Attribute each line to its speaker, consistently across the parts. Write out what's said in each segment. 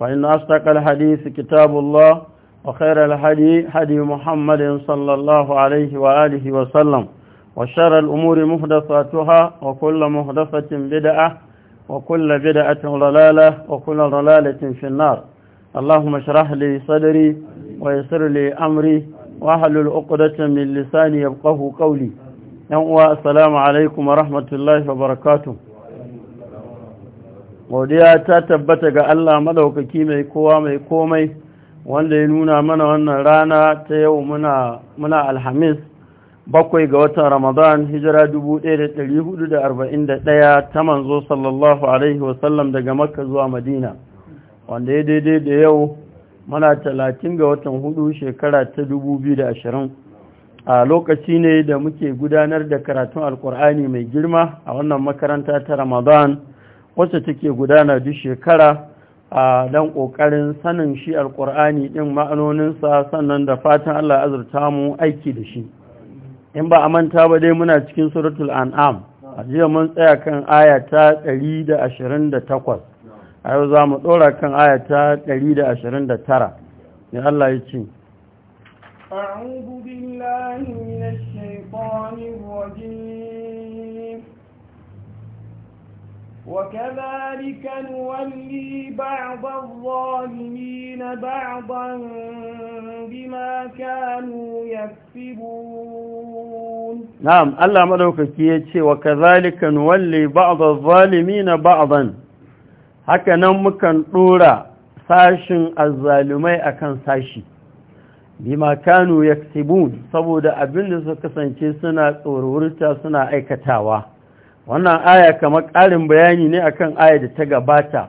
Speaker 1: فإن أصدق الحديث كتاب الله وخير الحدي حدي محمد صلى الله عليه وآله وسلم وشر الأمور محدثاتها وكل محدثة بدعة وكل بدعة ضلالة وكل ضلالة في النار اللهم اشرح لي صدري ويسر لي أمري واحلل عقدة من لساني يبقه قولي السلام عليكم ورحمة الله وبركاته godiya ta tabbata ga Allah madaukaki mai kowa mai komai wanda ya nuna mana wannan rana ta yau muna alhamis bakwai ga watan ramadan hijira 1441 ta manzo sallallahu alaihi wasallam daga makka zuwa madina wanda ya daidai da yau muna talatin ga watan hudu shekara ta 2020 a lokaci ne da muke gudanar da karatun alkur'ani mai girma a wannan makaranta ta ramadan wacce take gudana duk shekara a dan kokarin sanin shi alkur'ani din ma'anoninsa sannan da fatan Allah azurta mu aiki da shi in ba a manta ba dai muna cikin suratul an'am a jiya mun tsaya kan aya ta 128 a yau za mu dora kan aya ta 129 ne Allah ya ce
Speaker 2: أعوذ بالله من الشيطان وكذلك نولي بعض الظالمين بعضا
Speaker 1: بما كانوا يكسبون نعم الله مدوكك يتشي وكذلك نولي بعض الظالمين بعضا haka nan mukan ɗora sashin azzalumai kan sashi bima kanu yaktibun saboda abin da suka kasance suna tsorurta suna aikatawa wannan aya kamar ƙarin bayani ne akan aya da ta gabata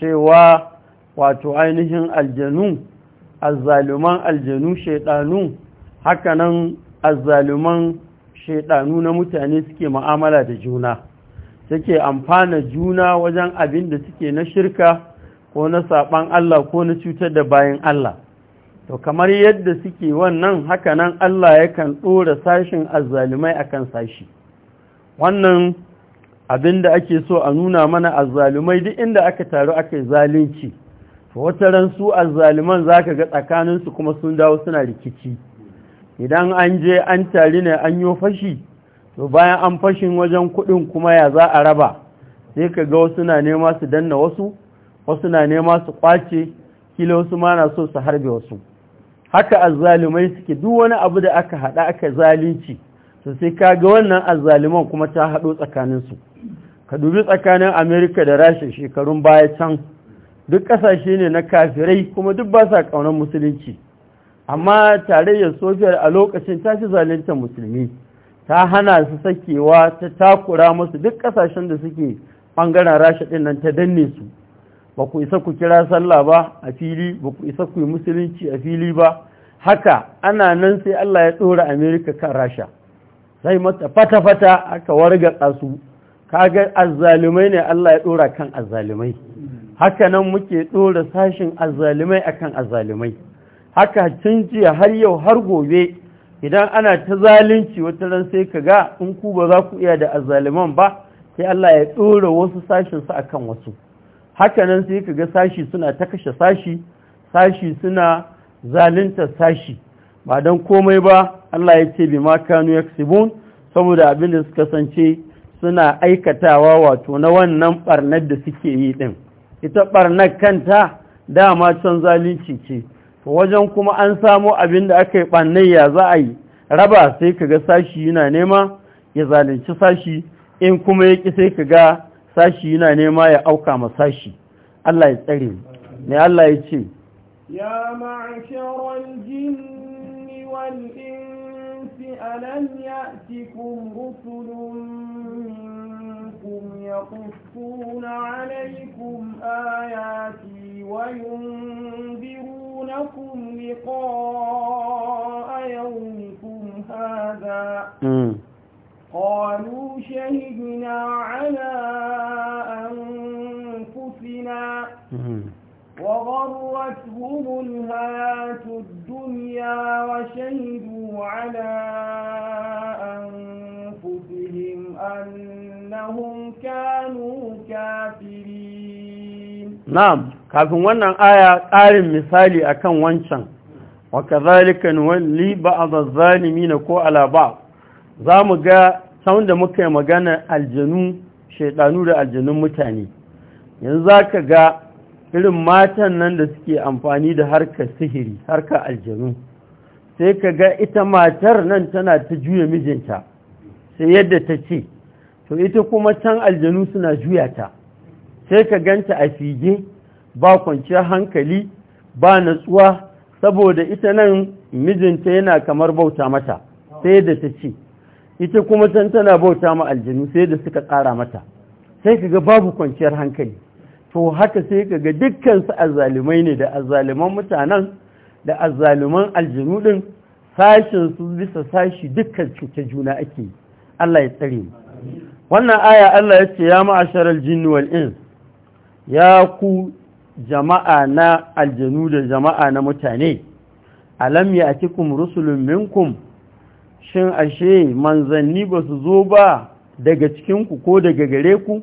Speaker 1: cewa wato ainihin aljanu azzaluman aljanu shaidanu hakanan azzaluman shaiɗanu na mutane suke ma'amala da juna suke amfana juna wajen abin da suke na shirka ko na saɓan Allah ko na cutar da bayan Allah to kamar yadda suke wannan hakanan Allah yakan ɗora sashin azzalumai akan sashi wannan Abin da ake so a nuna mana azzalumai duk inda aka taru aka yi zalunci wata ran su azzaluman zaka ga tsakaninsu kuma sun dawo suna rikici idan an je an tari ne an yi fashi to bayan an fashin wajen kudin kuma ya za a raba sai ka ga wasu na nema su danna wasu wasu na nema su kwace kila wasu ma na so su harbe wasu haka azzalumai suke duk wani abu da aka haɗa aka zalunci to sai ka ga wannan azzaluman kuma ta hado tsakaninsu ka dubi tsakanin amerika da rasha shekarun baya can duk ƙasashe ne na kafirai kuma duk ba sa ƙaunar musulunci amma tarayyar sofiyar a lokacin ta fi zalunta musulmi ta hana su sakewa ta takura musu duk ƙasashen da suke bangaren rasha ɗin nan ta danne su ba ku isa ku kira sallah ba a fili ba ku isa ku yi musulunci a fili ba haka ana nan sai allah ya tsora amerika kan rasha sai mata fata-fata aka warga su Ka kaga azzalumai ne Allah ya ɗora kan azzalumai haka nan muke ɗora sashin azzalumai akan azzalumai haka tun jiya har yau har gobe idan ana ta zalunci wata ran sai kaga, in ku ba za ku iya da azzaluman ba sai Allah ya ɗora wasu sashin su akan wasu haka nan sai kaga sashi suna ta kashe sashi sashi suna zalunta sashi ba don komai ba Allah ya ce bi ma kanu yaksibun saboda abin da suka sance suna aikatawa wato na wannan ɓarnar da suke yi ɗin, ita barnar kanta dama can zalunci ce wajen kuma an samo abin da aka yi ɓannayya za a yi raba sai kaga sashi yana nema ya zalunci sashi in kuma ya ƙi sai kaga sashi yana nema ya auka ma sashi Allah ya tsare ne Allah ya ce
Speaker 2: ya ma'sharal jinni wal ألم يأتكم رسل منكم يقصون عليكم آياتي وينذرونكم لقاء يومكم هذا قالوا شهدنا على وغرتهم الهاة الدنيا وشهدوا على أنفسهم أنهم كانوا كافرين
Speaker 1: نعم kafin wannan آية آية misali akan wancan وكذلك نولي بعض الظالمين كو على بعض ala ba zamu da muka yi magana aljanu shaidanu da aljanun mutane yanzu zaka ga irin matan nan da suke amfani da harkar sihiri harka aljanu sai ka ga ita matar nan tana ta juya mijinta sai yadda ta ce to ita kuma can aljanu suna juya ta sai ka ganta a fige ba kwanciyar hankali ba natsuwa saboda ita nan mijinta yana kamar bauta mata sai da ta ce ita kuma can tana bauta ma aljanu sai da suka tsara mata sai ka ga babu kwanciyar hankali to haka sai ka kaga dukkansu azzalumai ne da azzaluman mutanen da azzaluman aljinu sashen su bisa sashi dukkan cuta juna ake Allah ya tsare mu wannan aya Allah ya ce ya ma'ashar jinni wal ins ya ku jama'a na aljanu da jama'a na mutane alam ya rusulun minkum shin ashe manzanni ba su zo ba daga cikinku ko daga gare ku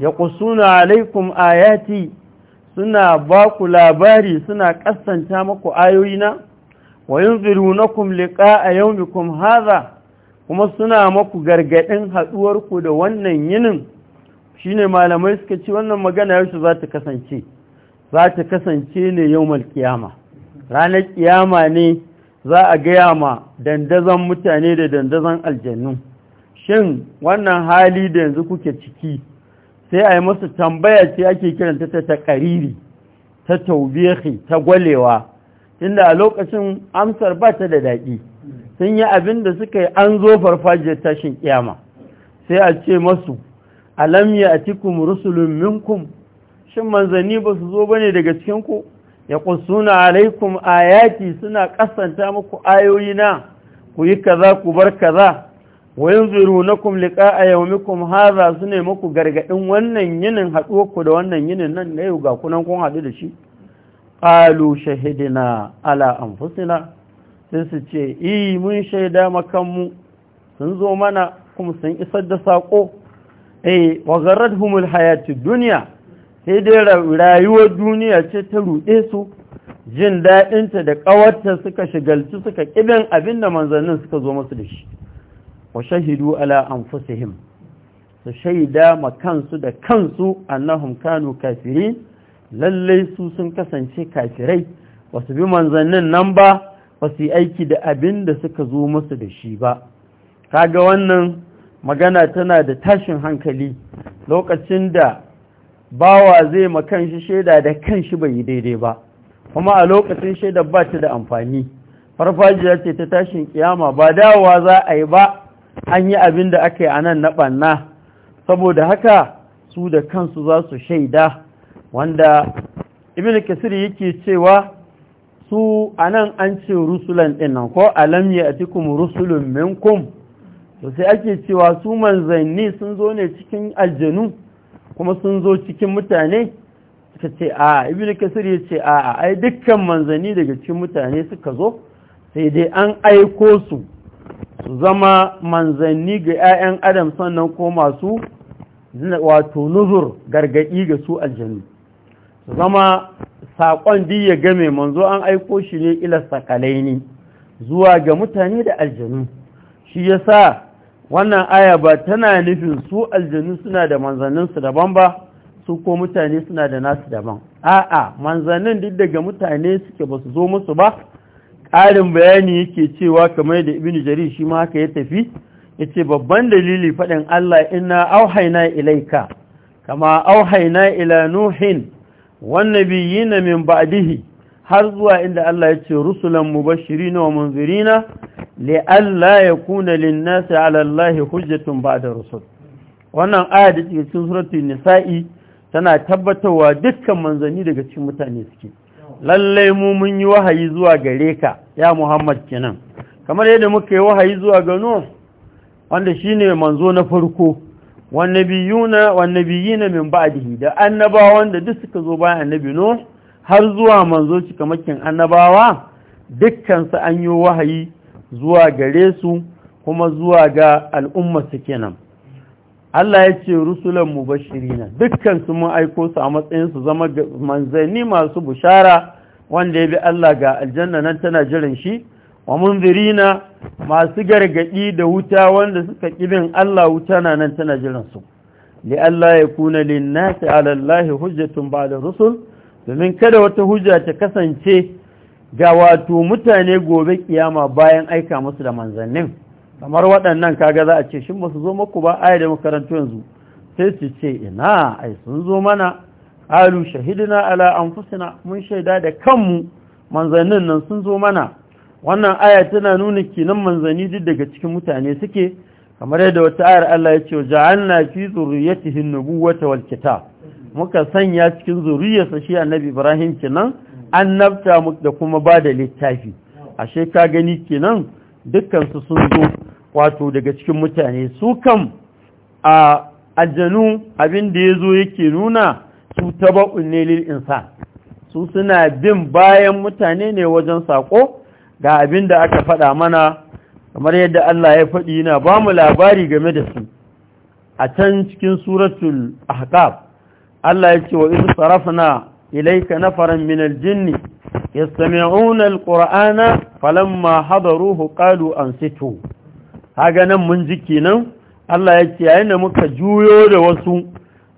Speaker 1: ya kusuna alaikum ayati suna ba ku labari suna kasanta maku ayoyi ayoyina wa yunzirunakum liqa'a yawmikum hadha kuma suna maku gargadin haduwarku da wannan yinin shine malamai suka ce wannan magana yau za ta kasance za ta kasance ne yawmal kiyama ranar kiyama ne za a gaya ma dandazon mutane da dandazon aljannu shin wannan hali da yanzu kuke ciki sai a yi musu tambaya ce ake kiranta ta ta ƙariri ta taubihi ta gwalewa inda a lokacin amsar ba ta da daɗi sun yi abin da suka yi an zo farfajiyar tashin kyama sai a ce masu alam a cikin rusulun minkum shin manzanni ba su zo ba ne daga cikinku ya kusuna alaikum ayati suna ƙasanta muku ayoyina ku yi kaza ku bar kaza wayin zuru na kum liƙa a kum haza su ne muku gargaɗin wannan yinin haɗuwarku da wannan yinin nan na yau ga kunan kun haɗu da shi ƙalu shahidina ala anfusina sai su ce iyi mun shaida makanmu sun zo mana kuma sun isar da saƙo e wa garrat humul hayati duniya sai dai rayuwar duniya ce ta ruɗe su jin daɗinta da ƙawarta suka shigalci suka ƙidan abin da manzannin suka zo masu da shi wa shahidu ala anfusihim su shaida ma kansu da kansu annahum kanu kafirin lalle su sun kasance kafirai ba su bi manzannin nan ba ba su yi aiki da abin da suka zo musu da shi ba kaga wannan magana tana da tashin hankali lokacin da bawa zai makan shi shaida da kanshi bai yi daidai ba kuma a lokacin shaida ba ta da amfani farfajiya ce ta tashin kiyama ba dawowa za a yi ba an yi abin da aka yi a nan na ɓanna saboda haka su da kansu za su shaida wanda ibn kasir yake cewa su a nan an ce rusulan nan ko alam ya cikin rusulun minkum to sai ake cewa su manzanni sun zo ne cikin aljanu kuma sun zo cikin mutane suka ce a ibn kasir ya ce a ai dukkan manzanni daga cikin mutane suka zo sai dai an aiko su zama manzanni ga 'ya'yan adam sannan ko masu wato nuzur gargaɗi ga su aljanu zama saƙon ya game manzo an aiko shi ne ila sakalaini zuwa ga mutane da aljanu shi ya sa wannan aya ba tana nufin su aljanu suna da manzanninsu daban ba su ko mutane suna da nasu daban a'a manzannin duk daga mutane suke ba su zo musu ba ƙarin bayani yake cewa kamar da ibini jari shi ma haka ya tafi yace babban dalili faɗin Allah inna auhaina ilaika kama auhaina ila nuhin biyi na min ba'dihi har zuwa inda Allah ya ce rusulan mubashirina wa munzirina li'alla yakuna lin-nasi 'ala Allahi hujjatun ba'da rusul wannan aya da cikin suratul nisa'i tana tabbatarwa dukkan manzanni daga cikin mutane suke lalle mu mun yi wahayi zuwa gare ka ya Muhammad kenan kamar yadda muka yi wahayi zuwa ga Nuh wanda shine manzo na farko wan nabiyuna wan nabiyina min ba'dihi da Annabawa wanda duk suka zo bayan annabi Nuh har zuwa manzo cikamakin annabawa dukkan su an yi wahayi zuwa gare su kuma zuwa ga al'umma su kenan Allah ya ce rusulan mu mubashirina dukkan Dukkansu mun aiko su a matsayin su zama manzanni masu bushara wanda ya bi Allah ga aljanna nan tana jiran shi wa munzirina masu gargadi da wuta wanda suka kibin Allah wuta na nan tana jiran su li Allah ya kuna linnasi ala Allah hujjatun ba'da rusul domin kada wata hujja ta kasance ga wato mutane gobe kiyama bayan aika musu da manzannin kamar waɗannan kaga za a ce shin ba zo maku ba aya da makarantu yanzu sai su ce ina ai sun zo mana alu shahidina ala anfusina mun shaida da kanmu manzannin nan sun zo mana wannan aya tana nuna kinan manzanni duk daga cikin mutane suke kamar yadda wata ayar Allah ya ce ja'alna fi zurriyatihi an-nubuwata wal kitab muka sanya cikin zuriyarsa shi annabi Ibrahim kinan annabta da kuma ba da littafi ashe ka gani kenan dukkansu sun zo wato daga cikin mutane su kam a aljanu abin da ya zo yake nuna su taba'un ne lil su suna bin bayan mutane ne wajen sako ga abin da aka faɗa mana kamar yadda Allah ya faɗi na ba mu labari game da su a can cikin suratul ahqaf Allah ya ce wa iz sarafna ilayka nafaran min aljinni yastami'una alqur'ana falamma hadaruhu qalu ansitu haga nan mun ji kenan Allah ya ce yayin muka juyo da wasu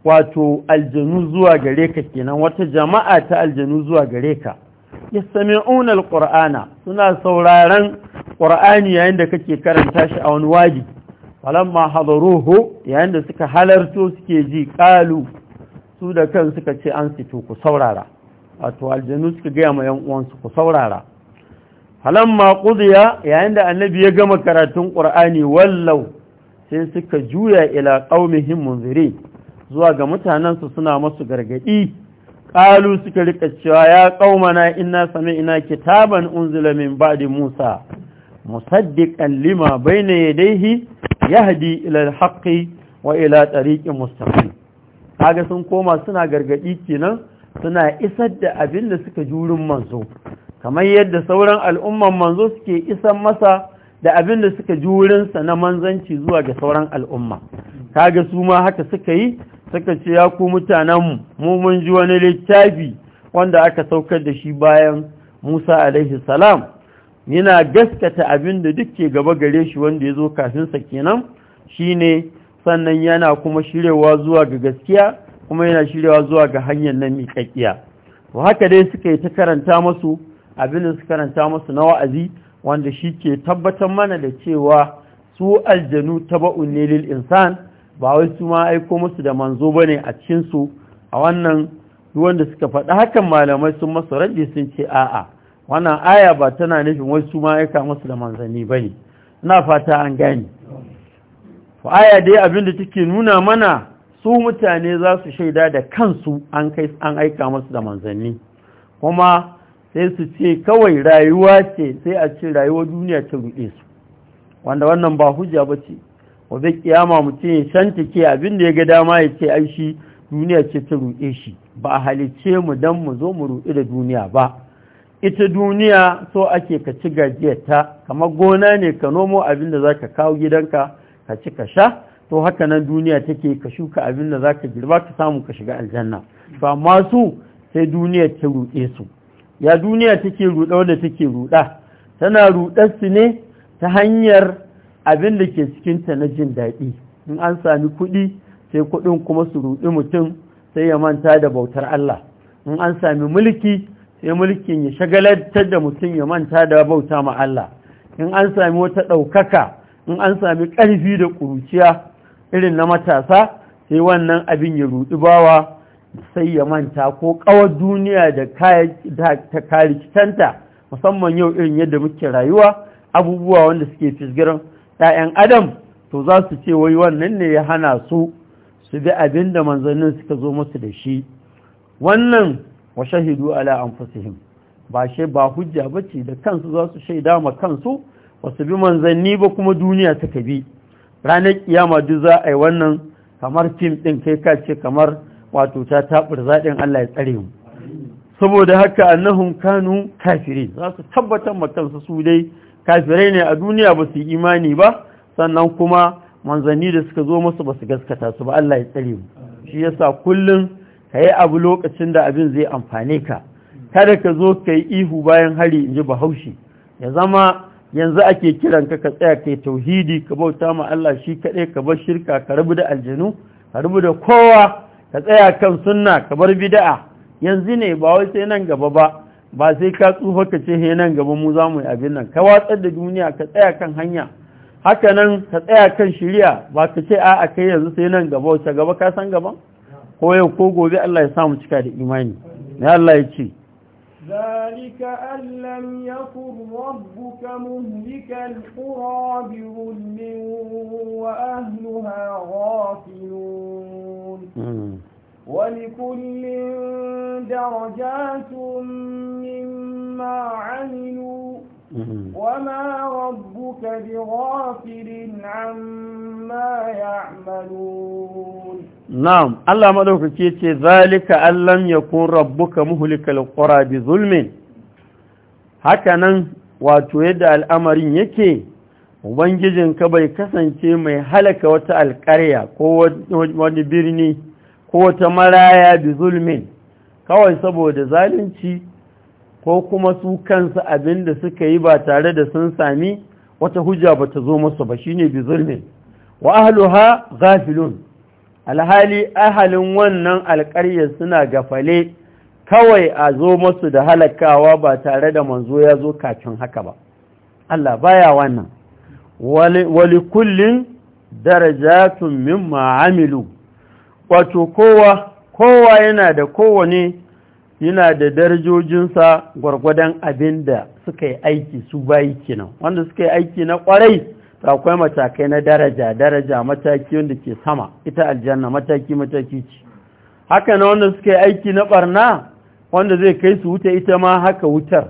Speaker 1: wato aljanu zuwa gare ka kenan wata jama'a ta aljanu zuwa gare ka yastami'una alqur'ana suna sauraron qur'ani yayin da kake karanta shi a wani waji falamma hadaruhu yayin da suka halarto suke ji qalu su da kan suka ce an ku saurara wato aljanu suka gaya ma yan uwansu ku saurara ma qudiya yayin da annabi ya gama karatun ƙur'ani wallau sai suka juya ila ƙaumihin munziri zuwa ga mutanensu suna masu gargaɗi ƙalu suka rika cewa ya ina sami ina kitaban unzulamin min ba'di musa musaddiƙan lima bayna yadayhi yahdi ila haƙƙi wa ila ɗariƙin mustafi kaga sun koma suna gargaɗi kenan suna isar da abin da suka jurin manzo kamar yadda sauran al'umman manzo suke isar masa da abin da suka jurinsa na manzanci zuwa ga sauran al'umma kaga su ma haka suka yi suka ce ya ku mutanenmu mu mun ji wani littafi wanda aka saukar da shi bayan musa alaihi salam yana gaskata abin da duk ke gaba gare shi wanda ya zo kafinsa kenan shine sannan yana kuma shirewa zuwa ga gaskiya kuma yana shiryawa zuwa ga hanyar nan miƙaƙiya wa haka dai suka yi ta karanta masu abin da suka karanta masu na wa'azi wanda shi ke tabbatar mana da cewa su aljanu taba'un ne lil insan ba wai su ma aiko musu da manzo ba ne a cikin a wannan wanda suka faɗi hakan malamai sun masa raji sun ce a'a wannan aya ba tana nufin wai su ma aika musu da manzanni ne ina fata an gane aya dai abin da take nuna mana su mutane za su shaida da kansu an kai an aika masu da manzanni kuma sai su ce kawai rayuwa ce sai a ce rayuwar duniya ta ruɗe su wanda wannan ba hujja ba ce zai kiyama mutum ya ke abin da ya ga dama ya ce ai shi duniya ce ta ruɗe shi ba a halice mu don mu zo mu ruɗe da duniya ba ita duniya so ake ka ci gajiyarta kamar gona ne ka nomo abin da za ka kawo gidanka ka ci ka sha to haka nan duniya take ka shuka abin da za ka girba ka samu ka shiga aljanna to amma su sai duniya ta ruɗe su ya duniya take ruɗa wanda take ruɗa tana ruɗar su ne ta hanyar abin da ke cikinta na jin daɗi in an sami kuɗi sai kuɗin kuma su ruɗi mutum sai ya manta da bautar Allah in an sami mulki sai mulkin ya shagalantar da mutum ya manta da bauta ma Allah in an sami wata ɗaukaka in an sami ƙarfi da ƙuruciya irin na matasa sai wannan abin ya rudi bawa sai ya manta ko kawar duniya da ta karikitanta musamman yau irin yadda muke rayuwa abubuwa wanda suke fisgiran ‘ya'yan adam to za su ce wai wannan ne ya hana su su bi abin da manzannin suka zo musu da shi wannan wa shahidu ala fasihim ba shi ba hujja bace da kansu za su shaida ma kansu ba su bi manzanni ba kuma duniya suka bi ranar kiyama duk za a yi wannan kamar fim ɗin kai ka ce kamar wato ta taɓar zaɗin Allah ya tsare mu saboda haka annahum kanu kafiri za su tabbatar makansu su dai kafirai ne a duniya ba su yi imani ba sannan kuma manzanni da suka zo masu ba su gaskata su ba Allah ya tsare mu shi yasa kullum ka yi abu lokacin da abin zai amfane ka kada ka zo ka yi ihu bayan hari in ji bahaushe ya zama yanzu ake kiran ka ka tsaya kai tauhidi ka bauta ma Allah shi kaɗai ka bar shirka ka rabu da aljanu ka rubu da kowa ka tsaya kan sunna ka bar bid'a yanzu ne ba wai sai nan gaba ba ba sai ka tsufa ka ce he nan gaba mu za mu yi abin nan ka watsar da duniya ka tsaya kan hanya haka nan ka tsaya kan shirya ba ka ce a'a kai yanzu sai nan gaba wace gaba ka san gaban ko yau ko gobe Allah ya samu cika da imani ya Allah ya ce
Speaker 2: ذلك أن لم يكن ربك مهلك القرى بظلم وأهلها غافلون ولكل درجات مما عملوا Mm-hmm. وما ربك بغافل عما يعملون
Speaker 1: نعم الله مدوك كيتي ذلك أن لم يكون ربك مهلك القرى بظلم هكذا وتويد الأمر يكي ka bai kasance mai halaka wata alƙarya ko wani birni ko wata maraya bi zulmin kawai saboda zalunci ko kuma su kansu abin da suka yi ba tare da sun sami wata hujja ba ta zo musu ba shine bi zulmin wa ahluha ghafilun alhali ahalin wannan alƙaryar suna gafale kawai a zo masu da halakawa ba tare da manzo ya zo kafin haka ba Allah baya wannan wali kullin darajatun mimma amilu wato kowa kowa yana da kowane yana da darajojinsa gwargwadon abin da suka yi aiki su bayi kenan wanda suka yi aiki na kwarai to akwai matakai na daraja daraja mataki wanda ke sama ita aljanna mataki mataki ce haka na wanda suka yi aiki na barna wanda zai kai su wuta ita ma haka wutar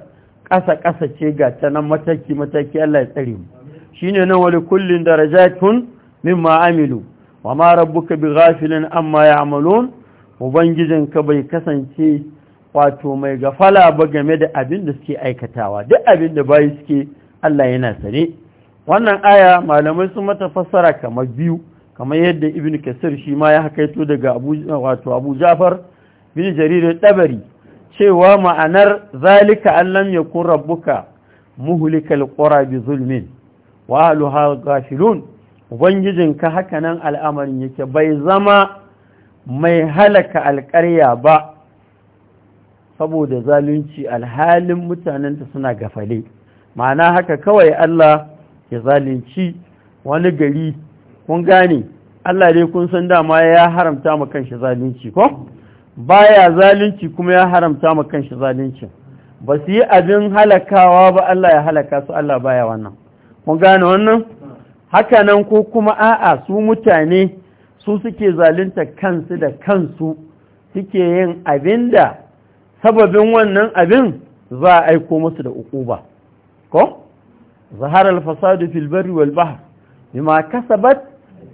Speaker 1: ƙasa ƙasa ce ga ta nan mataki mataki Allah ya tsare mu shine nan wali kullin darajatun mimma amilu wa ma rabbuka bighafilin amma ya'malun ubangijinka bai kasance wato mai gafala ba game da abin da suke aikatawa duk abin da bayi suke Allah yana sane wannan aya malamai sun mata fassara kamar biyu kamar yadda ibn kasir shi ma ya hakaito daga wato abu jafar bin jarir ɗabari cewa ma'anar zalika an lam yakun rabbuka muhlikal qura bi zulmin wa ahluha ghafilun ubangijinka hakanan al'amarin yake bai zama mai halaka alƙarya ba saboda zalunci alhalin mutanenta suna gafale ma'ana haka kawai Allah ya zalunci wani gari kun gane Allah dai kun san dama ya haramta ma kanshi zalunci ko baya zalunci kuma ya haramta ma kanshi zalunci ba su yi abin halakawa ba Allah ya halaka su Allah baya wannan kun gane wannan haka nan ko kuma a'a su mutane su suke zalunta kansu da kansu suke yin abinda sababin wannan abin za a aiko musu da uquba ko zaharar fasadu fil barri wal bahr bima kasabat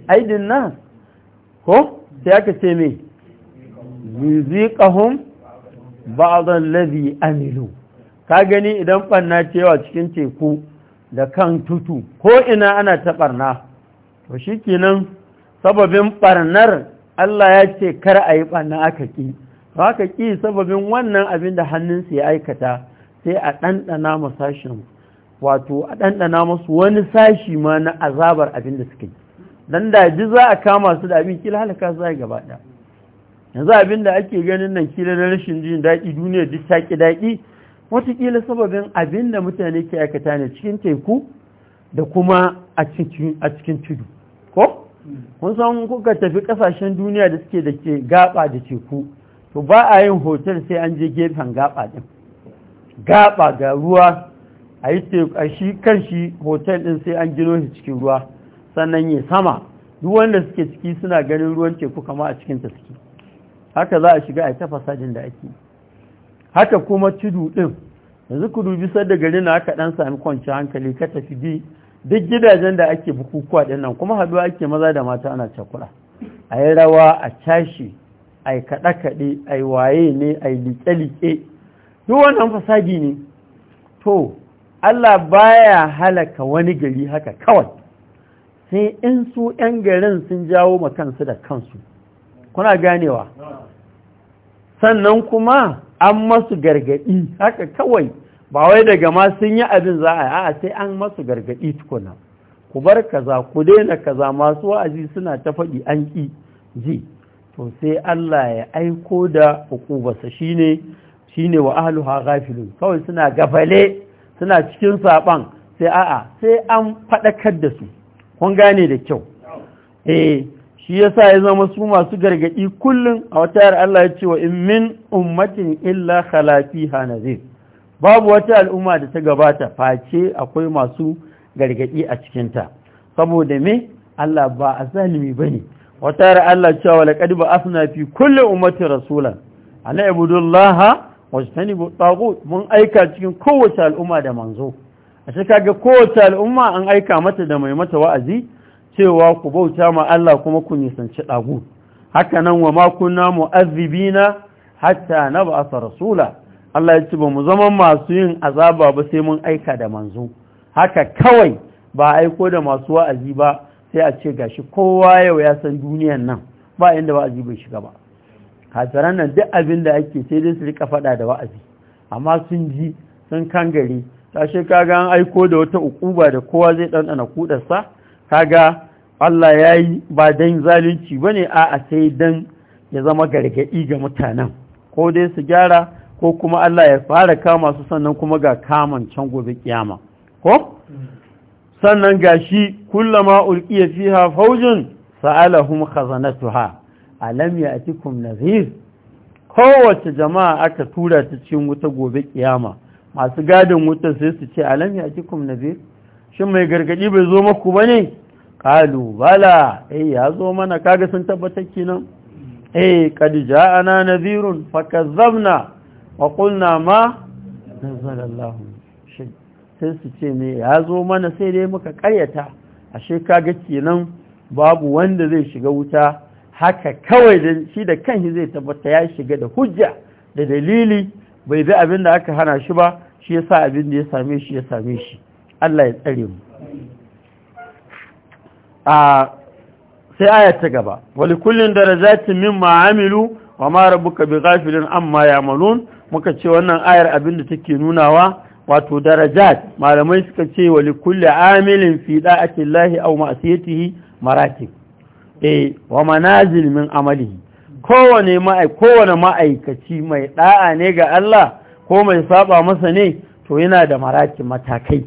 Speaker 1: aydin nas ko sai aka ce me yuziqahum ba'd allazi amilu ka gani idan ɓanna cewa cikin teku da kan tutu ko ina ana ta ɓarna to shikenan sababin ɓarnar Allah ya ce kar a yi ɓanna aka ƙi haka ƙi sababin wannan abin da hannunsu ya aikata sai a ɗanɗana masashin wato a ɗanɗana masu wani sashi ma na azabar abin da suka yi don da ji za a kama su da abin kila halaka za a gaba ɗa yanzu abin da ake ganin nan kila na rashin jin daɗi duniya duk taƙi daɗi watakila sababin abin da mutane ke aikata ne cikin teku da kuma a cikin tudu ko? kun san kuka tafi ƙasashen duniya da suke da ke gaba da teku to ba a yin hotel sai an je gefen gaba din gaba ga ruwa a yi a shi kan shi hotel din sai an gino shi cikin ruwa sannan ya sama duk wanda suke ciki suna ganin ruwan teku kama a cikin ta suke haka za a shiga a tafasa din da ake haka kuma tudu din yanzu ku dubi da gari na aka dan sami kwanci hankali ka tafi bi duk gidajen da ake bukukuwa din kuma haduwa ake maza da mata ana cakura a yi rawa a cashe ai kaɗe-kaɗe ai waye ne ai liƙe-liƙe duk wannan fasadi ne to Allah baya halaka wani gari haka kawai sai in su 'yan garin sun jawo ma kansu da kansu kuna ganewa sannan kuma an masu gargaɗi haka kawai ba wai daga ma sun yi abin za a a sai an masu gargaɗi tukuna ku bar kaza ku daina kaza masu wa'azi suna ta faɗi an ƙi ji to sai Allah ya aiko da hukubarsa shine shine wa ahluha ghafilun kawai suna gafale suna cikin saɓan. sai a'a sai an faɗakar da su kun gane da kyau eh shi yasa ya zama su masu gargaɗi kullum. a wata yar Allah ya ce wa in min ummatin illa khala nazir babu wata al'umma da ta gabata face akwai masu gargaɗi a cikinta saboda me Allah ba a bane wata yar Allah cewa laqad ba'athna fi A ummati rasulan Laha, ibudullaha tani tagut mun aika cikin kowace al'umma da manzo a shi kaga kowace al'umma an aika mata da mai mata wa'azi cewa ku bauta ma Allah kuma ku nisanci tagut haka nan wa makuna kunna mu'azzibina hatta na ba nab'atha rasula Allah ya ce ba mu zama masu yin azaba ba sai mun aika da manzo haka kawai ba aiko da masu wa'azi ba sai a ce gashi kowa yau ya san duniyan nan ba inda wa'azi bai shiga ba hasaran nan duk abin da ake sai dai su rika faɗa da wa'azi amma sun ji sun kangare ta ka kaga an aiko da wata ukuba da kowa zai ɗanɗana kudarsa kaga Allah ya yi ba don zalunci ba ne a sai dan ya zama gargaɗi ga mutanen ko dai su gyara ko kuma Allah ya fara kama su sannan kuma ga kaman can gobe kiyama ko mm. sannan gashi kullama ulqiya fiha faujun sa'alahum khazanatuha alam ya'tikum nazir kowace jama'a aka tura ta cikin wuta gobe kiyama masu gadin wuta sai su ce alam ya'tikum nazir shin mai gargadi bai zo maku bane qalu bala eh ya zo mana kaga sun tabbatar kenan eh qad ja'ana nadhirun fakazzabna wa qulna ma nazzala sai su ce ne ya zo mana sai dai muka karyata a shekaga kenan babu wanda zai shiga wuta haka kawai da shi da kanshi zai tabbata ya shiga da hujja da dalili bai bi abin da aka hana shi ba shi ya sa abin da ya same shi ya same shi Allah ya tsare mu a sai aya ta gaba wali kullun darajatin mimma amilu wa ma rabbuka bighafilin amma ya'malun muka ce wannan ayar abin da take nunawa wato darajat malamai suka ce wa likulli amilin fi da'ati llahi aw ma'siyatihi maratib eh wa manazil min amalihi kowane ma'ai kowane ma'aikaci mai da'a ne ga Allah ko mai saba masa ne to yana da maratib matakai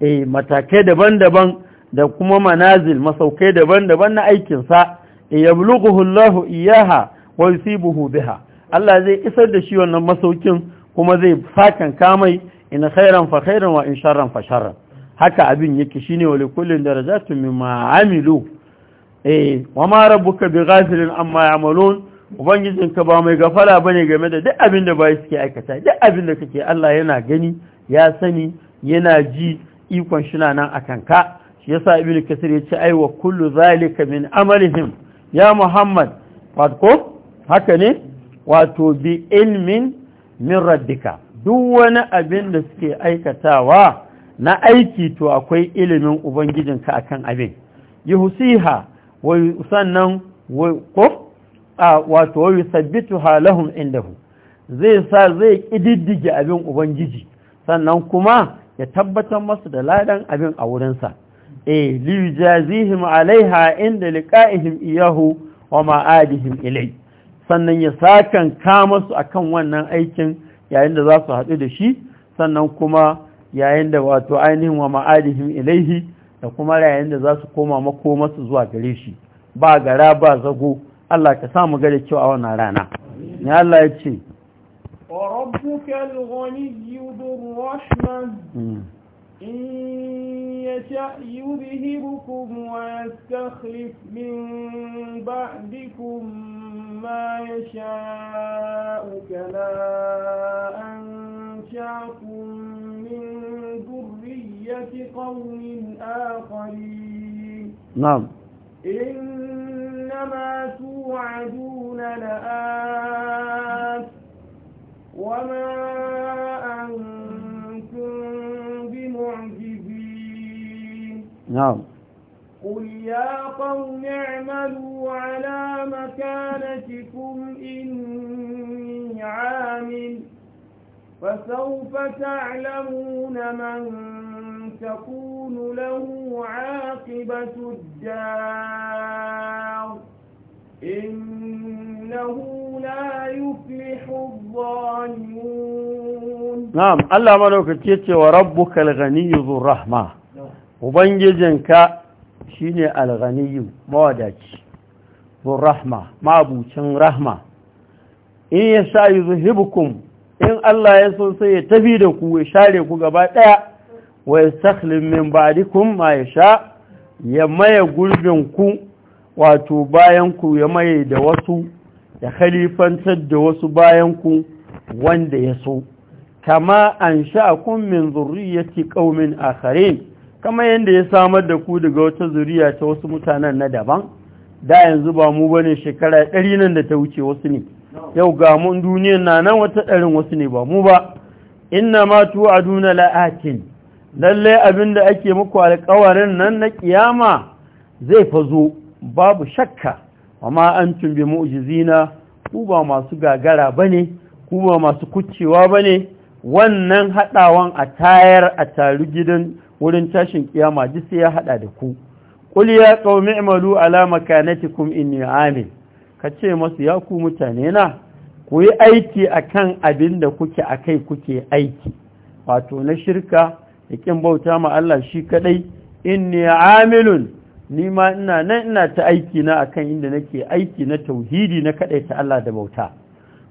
Speaker 1: eh matakai daban-daban da kuma manazil masaukai daban-daban na aikinsa eh, yablughuhu Allahu iyaha wa yusibuhu biha Allah zai isar da shi wannan masaukin kuma zai fakan kamai in khairan fa khairan wa in sharran fa sharran haka abin yake shine wa likullin darajatun mimma amilu eh wa ma rabbuka bighafilin amma ya'malun ka ba mai gafara bane game da duk abin da bai suke aikata duk abin da kake Allah yana gani ya sani yana ji ikon shi na nan akan ka shi yasa ibnu kasir ya ce ai wa kullu zalika min amalihim ya muhammad wato haka ne wato bi ilmin min rabbika duk wani abin da suke aikatawa na aiki to akwai ilimin ubangijinka akan abin yuhsiha wa sannan ko wato wa yusabbituha lahum indahu zai sa zai kididdige abin ubangiji sannan kuma ya tabbatar masu da ladan abin a wurinsa eh liyujazihim alaiha inda liqa'ihim iyahu wa ma'adihim ilai sannan ya sakan ka masu akan wannan aikin yayin da za su haɗu da shi sannan kuma yayin da wato ainihin wa ma'adihim ilaihi da kuma yayin da za su koma makomarsu zuwa gare shi ba gara ba zago Allah ka sa mu gare kyau a wannan rana ne Allah ya ce
Speaker 2: إن يشأ يذهبكم ويستخلف من بعدكم ما يشاء كما أنشاكم من ذرية قوم آخرين نعم إنما توعدون لآت وما نعم قل يا قوم اعملوا على مكانتكم إني عامل فسوف تعلمون من تكون له عاقبة الدار إنه لا يفلح الظالمون
Speaker 1: نعم ألا ملوك تيتي وربك الغني ذو الرحمة ubangijinka shine alghaniyu mawadaci zur rahma mabucin rahma in sa yasha yuzhibukum in Allah ya so sai ya tafi da ku ya share ku gaba ɗaya wa sakhlin min ba'dikum ma ya sha? ya maye gurbin ku wato bayan ku ya maye da wasu ya khalifantar da wasu bayan ku wanda ya so kama an sha kun min ci ƙaumin akharin kamar yadda ya samar da ku daga wata zuriya ta wasu mutanen na daban da yanzu ba mu bane shekara ɗari nan da ta wuce wasu ne yau ga mun duniyar na nan wata ɗarin wasu ne ba mu ba inna ma duna la'atin lalle abin da ake muku alkawarin nan na ƙiyama zai fazo babu shakka amma an tumbi mu'jizina ku ba masu gagara ba ne ku ba masu kucewa ne wannan haɗawan a tayar a taru gidan wurin tashin kiyama duk sai ya hada da ku qul ya qaumi amalu ala makanatikum inni amil kace masu ya ku mutane na ku yi aiki akan abin da kuke akai kuke aiki wato na shirka da kin bauta ma Allah shi kadai inni amilun ni ma ina nan ina ta aiki na akan inda nake aiki na tauhidi na kadai ta Allah da bauta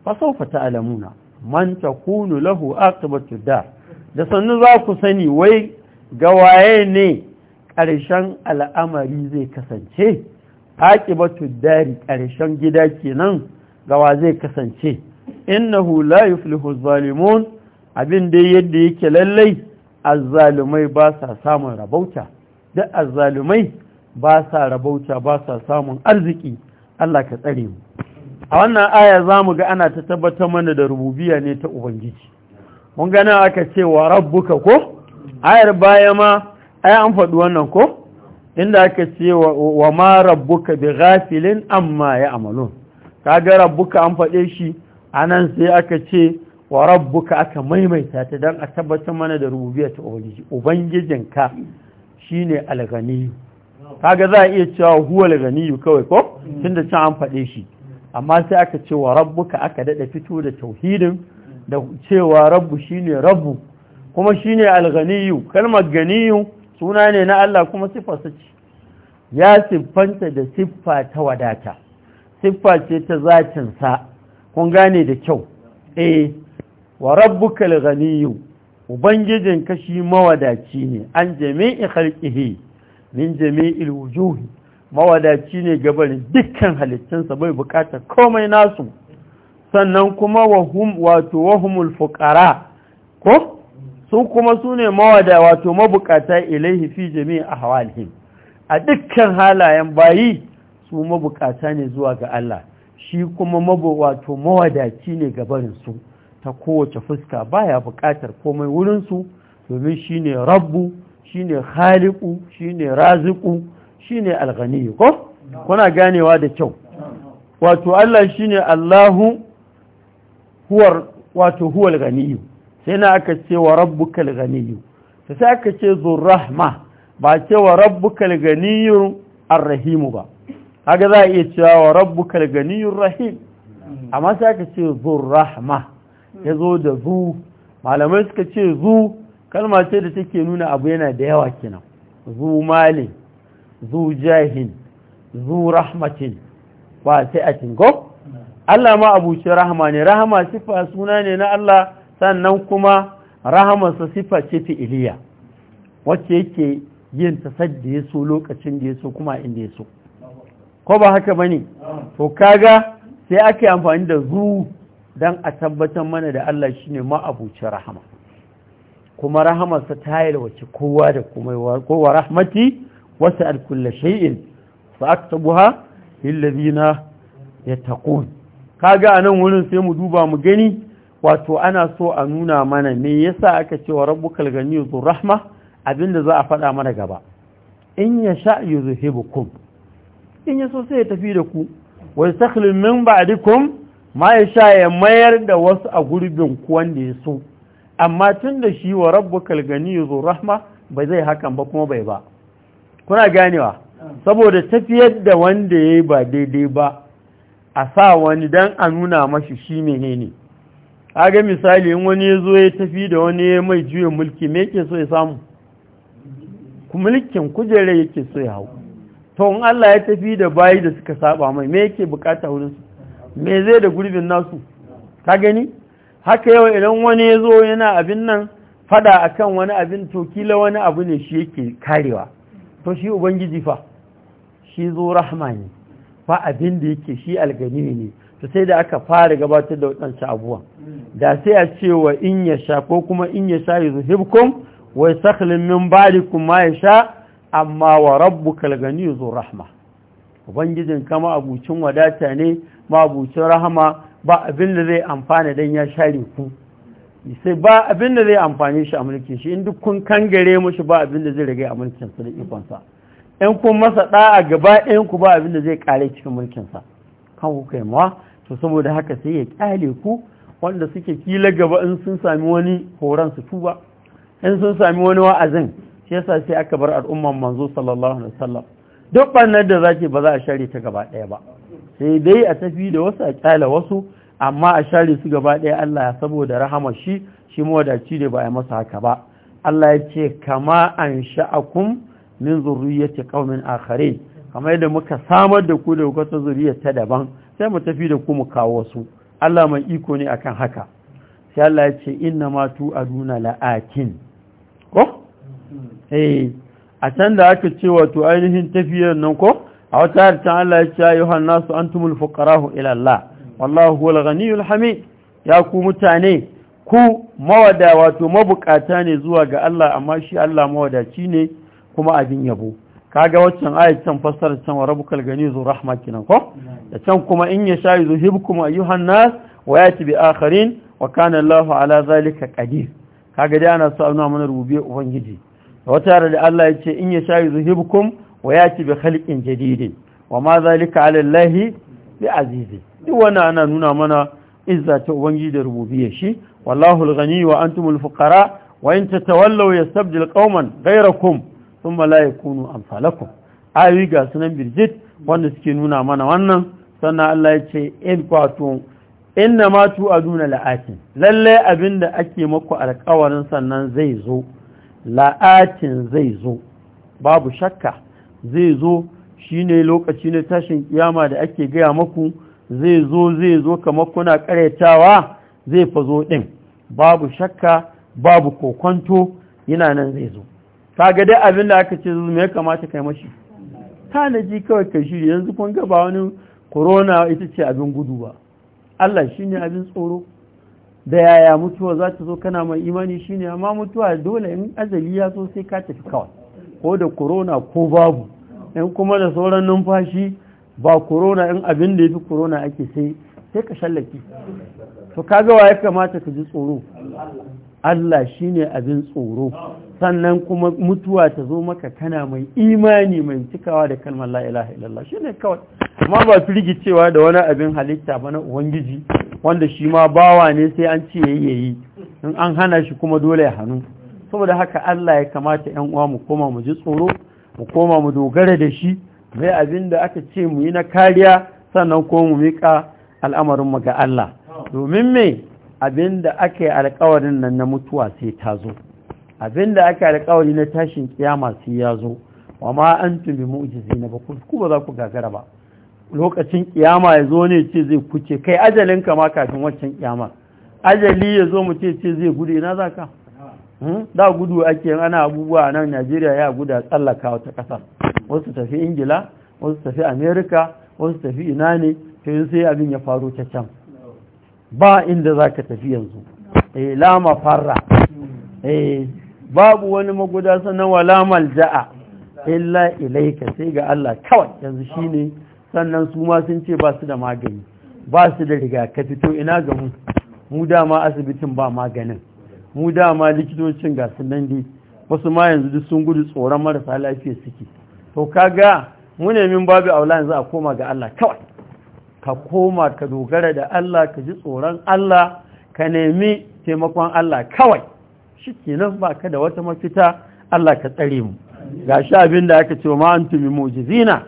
Speaker 1: fa sawfa ta'lamuna man takunu lahu aqibatu dar da sannu za ku sani wai Gawaye ne ƙarshen al'amari zai kasance aƙibatu dari ƙarshen gida kenan gawa zai kasance innahu la yuflihu zalimun abin da yadda yake lallai azzalumai ba sa samun rabauta da azzalumai ba sa rabauta ba sa samun arziki Allah ka tsare mu a wannan aya za mu ga ana ta tabbatar mana da rububiya ne ta ubangiji mun gana aka ce wa rabbuka ko ayar baya ma ai an faɗi wannan ko inda aka ce wa ma rabbuka bi ghafilin amma ya amalun kaga rabbuka an faɗe shi anan sai aka ce wa rabbuka aka maimaita ta dan a tabbatar mana da rububiyar ta ubangiji ka shine alghani kaga za a iya cewa huwa alghani kawai ko tunda can an faɗe shi amma sai aka ce wa rabbuka aka dada fito da tauhidin da cewa rabbu shine rabbu kuma shi ne alganiyu kalmar ganiyu suna ne na Allah kuma siffa ce ya siffanta da siffa ta wadata siffa ce ta sa kun gane da kyau eh wa rabbuka al ubangijin kashi mawadaci ne an jami'i khalqihi min jami'il wujuhi mawadaci ne gabanin dukkan halittunsa bai bukata komai nasu sannan kuma hum wato humul fuqara ko su kuma su ne mawada wato mabukata ilaihi fi a ahwalihim a dukkan halayen bayi su mabukata ne zuwa ga Allah shi kuma wato mawadaci ne ga su ta kowace fuska baya bukatar komai wurin su domin shine rabbu shi ne shine shi shine alghani ko kuna ganewa da kyau wato Allah ne Allahu huwar wato huwal ganiyu sai na aka ce wa rabbukal ganiyu ta sai aka ce zurrahma ba ce wa rabbukal ganiyun arrahimu ba haka za a iya cewa wa rabbukal ganiyun rahim amma sai aka ce zurrahma ya zo da zu malamai suka ce zu kalma ce da take nuna abu yana da yawa kenan zu malin zu jahin zu rahmatin ba sai a tingo Allah ma abuci rahama ne rahama sifa suna ne na Allah sannan kuma rahamarsa sifa ce iliya wacce yake yin tasad da ya so lokacin da ya so kuma inda ya so ko ba haka bane to kaga sai ake amfani da zu don a tabbatar mana da Allah shi ne ma'abucin rahama kuma rahamarsa ta yi da wace kowa da kowa rahmati wasu alkulla shay'in fa aktabuha lillazina yattaqun kaga anan wurin sai mu duba mu gani wato ana so a nuna mana me yasa aka ce wa rabbukal ganiyyu zur rahma abinda za a faɗa mana gaba in ya sha yuzhibukum in ya so sai ya tafi da ku Wai yastakhlim ba ba'dikum ma ya sha ya mayar da wasu a gurbin ku wanda ya so amma tun da shi wa rabbukal ganiyyu zur rahma ba zai hakan ba kuma bai ba kuna ganewa saboda tafiyar da wanda yayi ba daidai ba a sa wani dan a nuna mashi shi menene ne kaga misali in wani ya zo ya tafi da wani mai juya mulki me yake so ya samu mulkin kujerai yake so ya hau to in Allah ya tafi da bayi da suka saba mai me yake bukata wurin su me zai da gurbin nasu ka gani haka yau idan wani ya zo yana abin nan fada akan wani abin to kila wani abu ne shi yake karewa to shi ubangiji fa shi zo rahma ne fa abin da yake shi algani ne to sai da aka fara gabatar da waɗancan abubuwan da sai a ce wa in ya sha ko kuma in ya sha hibkum wai yastakhlin min kuma ma sha amma wa rabbukal kalgani zur rahma ubangijin kama abucin wadata ne ma abucin rahama ba abin da zai amfana dan ya share ku sai ba abin da zai amfane shi a mulkin shi in duk kun kangare mushi ba abin da zai rage a mulkin sa da ikonsa. sa in kun masa a gaba ɗayan ku ba abin da zai kare cikin mulkin sa kan ku kai ma to saboda haka sai ya kyale ku wanda suke kila gaba in sun sami wani horon su tuba in sun sami wani wa'azin shi yasa sai aka bar al'umman manzo sallallahu alaihi wasallam duk bannar da zaki ba za a share ta gaba ɗaya ba sai dai a tafi da wasu a kyala wasu amma a share su gaba ɗaya Allah ya saboda rahamar shi shi mawadaci da ba a masa haka ba Allah ya ce kama an sha'akum min zurriyyati qaumin akharin kamar yadda muka samar da ku da wata zuriyar ta daban sai mu tafi da ku mu kawo su Allah mai iko ne akan haka sai Allah ya ce inna ma aduna la'akin ko eh a can da aka ce wato ainihin tafiyar nan ko a wata harta Allah ya ce ayyuhan nasu antumul fuqara'u ila Allah wallahu huwal ghaniyul hamid ya ku mutane ku mawada wato mabukata ne zuwa ga Allah amma shi Allah mawadaci ne kuma abin yabo kaga waccan ayat can fassara can wa rabbukal gani zu rahma kinan ko da can kuma in ya shayi zuhibkum ayyuhan nas wa yati bi akharin wa kana Allahu ala zalika qadir kaga dai ana so nuna mana rububiya ubangiji wata da Allah ya ce in ya shayi zuhibkum wa yati bi khalqin jadidin wa ma zalika ala bi azizi duk wannan ana nuna mana izza ta ubangiji da rububiyar shi wallahu al-ghani wa antumul fuqara wa in tatawallaw yastabdil qauman ghayrakum sun malaye kunu amsalakun ayoyi ga sunan birjit wanda suke nuna mana wannan sannan Allah ya ce in kwato inna ma tu aduna la'atin lalle abinda ake maku alƙawarin sannan zai zo la'atin zai zo babu shakka zai zo shine lokaci ne tashin kiyama da ake gaya maku zai zo zai zo kamar kuna karyatawa zai fazo din babu shakka babu kokonto yana nan zai zo kaga dai abin da aka ce me ya kamata kai mashi tanaji kawai ka shiri yanzu kun gaba ba wani korona ita ce abin gudu ba Allah ne abin tsoro da yaya mutuwa za ta zo kana mai imani shine amma mutuwa dole in azali ya zo sai ka tafi kawai ko da korona ko babu in kuma da sauran numfashi ba korona in abin da yafi korona ake sai sai ka shallaki to kaga wa ya kamata ka ji tsoro Allah shine abin tsoro sannan kuma mutuwa ta zo maka kana mai imani mai cikawa da kalmar la ilaha illallah shine kawai amma ba su firgicewa da wani abin halitta ba na ubangiji wanda shi ma bawa ne sai an ce yayi yayi in an hana shi kuma dole ya hannu saboda haka Allah ya kamata ƴan uwa mu koma mu ji tsoro mu koma mu dogara da shi mai abin da aka ce mu yi na kariya sannan ko mu mika al'amarin mu ga Allah domin me abin da aka yi alƙawarin nan na mutuwa sai ta zo abinda aka alƙawari na tashin kiyama sai ya zo wa ma antum bi na ba ku ba za ku gagara ba lokacin kiyama ya zo ne ce zai kuce kai ajalin ka ma kafin waccan kiyama ajali ya zo mu ce ce zai gudu ina za ka hmm? da gudu ake ana abubuwa a nan Najeriya ya guda tsallaka wata kasa wasu tafi Ingila wasu tafi Amerika wasu tafi ina ne sai sai abin ya faru ta can ba inda za ka tafi yanzu eh la mafarra eh, babu wani magudasa na wala malja'a illa ilaika sai ga Allah kawai yanzu shine sannan su ma sun ce ba su da magani ba su da rigakafi to ina ga mu mu dama asibitin ba maganin mu dama likitocin ga su nan dai wasu ma yanzu duk sun gudu tsoron marasa lafiya suke to kaga mu min babu aula yanzu a koma ga Allah kawai ka koma ka dogara da Allah ka ji tsoron Allah ka nemi taimakon Allah kawai shi kenan ba ka da wata mafita Allah ka tsare mu ga shi abin da aka ce ma an tumi mujizina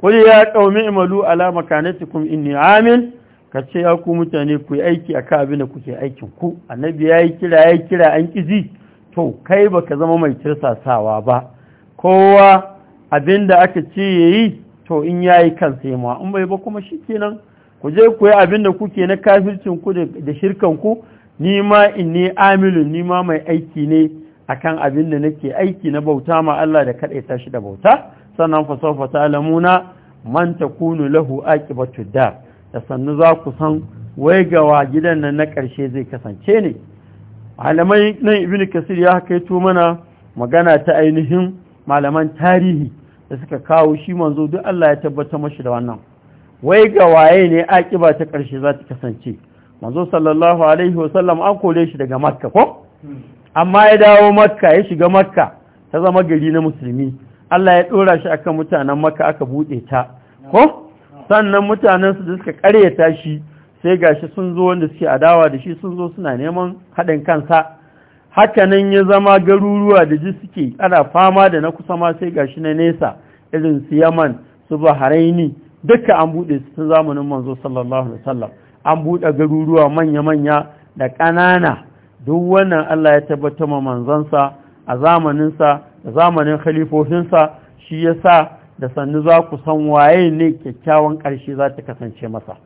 Speaker 1: kul ya qaumi imalu ala makanatikum inni amin ka ce ya ku mutane ku yi aiki a ka abin da kuke aikin ku annabi ya yi kira ya yi kira an ƙizi. to kai baka zama mai tirsasawa ba kowa abin da aka ce ya yi to in yi kansa ya ma in bai ba kuma kenan ku je ku yi abin da kuke na kafircin ku da shirkan ku ni ma inni amilun ni ma mai aiki ne akan abin da nake aiki na bauta ma Allah da kaɗaita shi da bauta sannan fa sawfa ta'lamuna man takunu lahu aqibatu da da sannu za ku san wai gawa gidan nan na ƙarshe zai kasance ne malamai nan ibn kasir ya kaito mana magana ta ainihin malaman tarihi da suka kawo shi manzo duk Allah ya tabbata mashi da wannan wai ga waye ne aƙiba ta ƙarshe za ta kasance manzo sallallahu alaihi wasallam an kore shi daga makka ko amma ya dawo makka ya shiga makka ta zama gari na musulmi Allah ya dora shi akan mutanen makka aka bude ta ko sannan mutanen su da suka karyata shi sai gashi sun zo wanda suke adawa da shi sun zo suna neman haɗin kansa haka nan ya zama garuruwa da ji suke ana fama da na kusa ma sai gashi na nesa irin su yaman su Bahrain duka an buɗe su zamanin manzo sallallahu alaihi wasallam an buɗe garuruwa manya-manya da ƙanana duk wannan Allah ya tabbata ma manzansa a zamaninsa da zamanin khalifofinsa shi ya sa da sannu za ku san waye ne kyakkyawan ƙarshe za ta kasance masa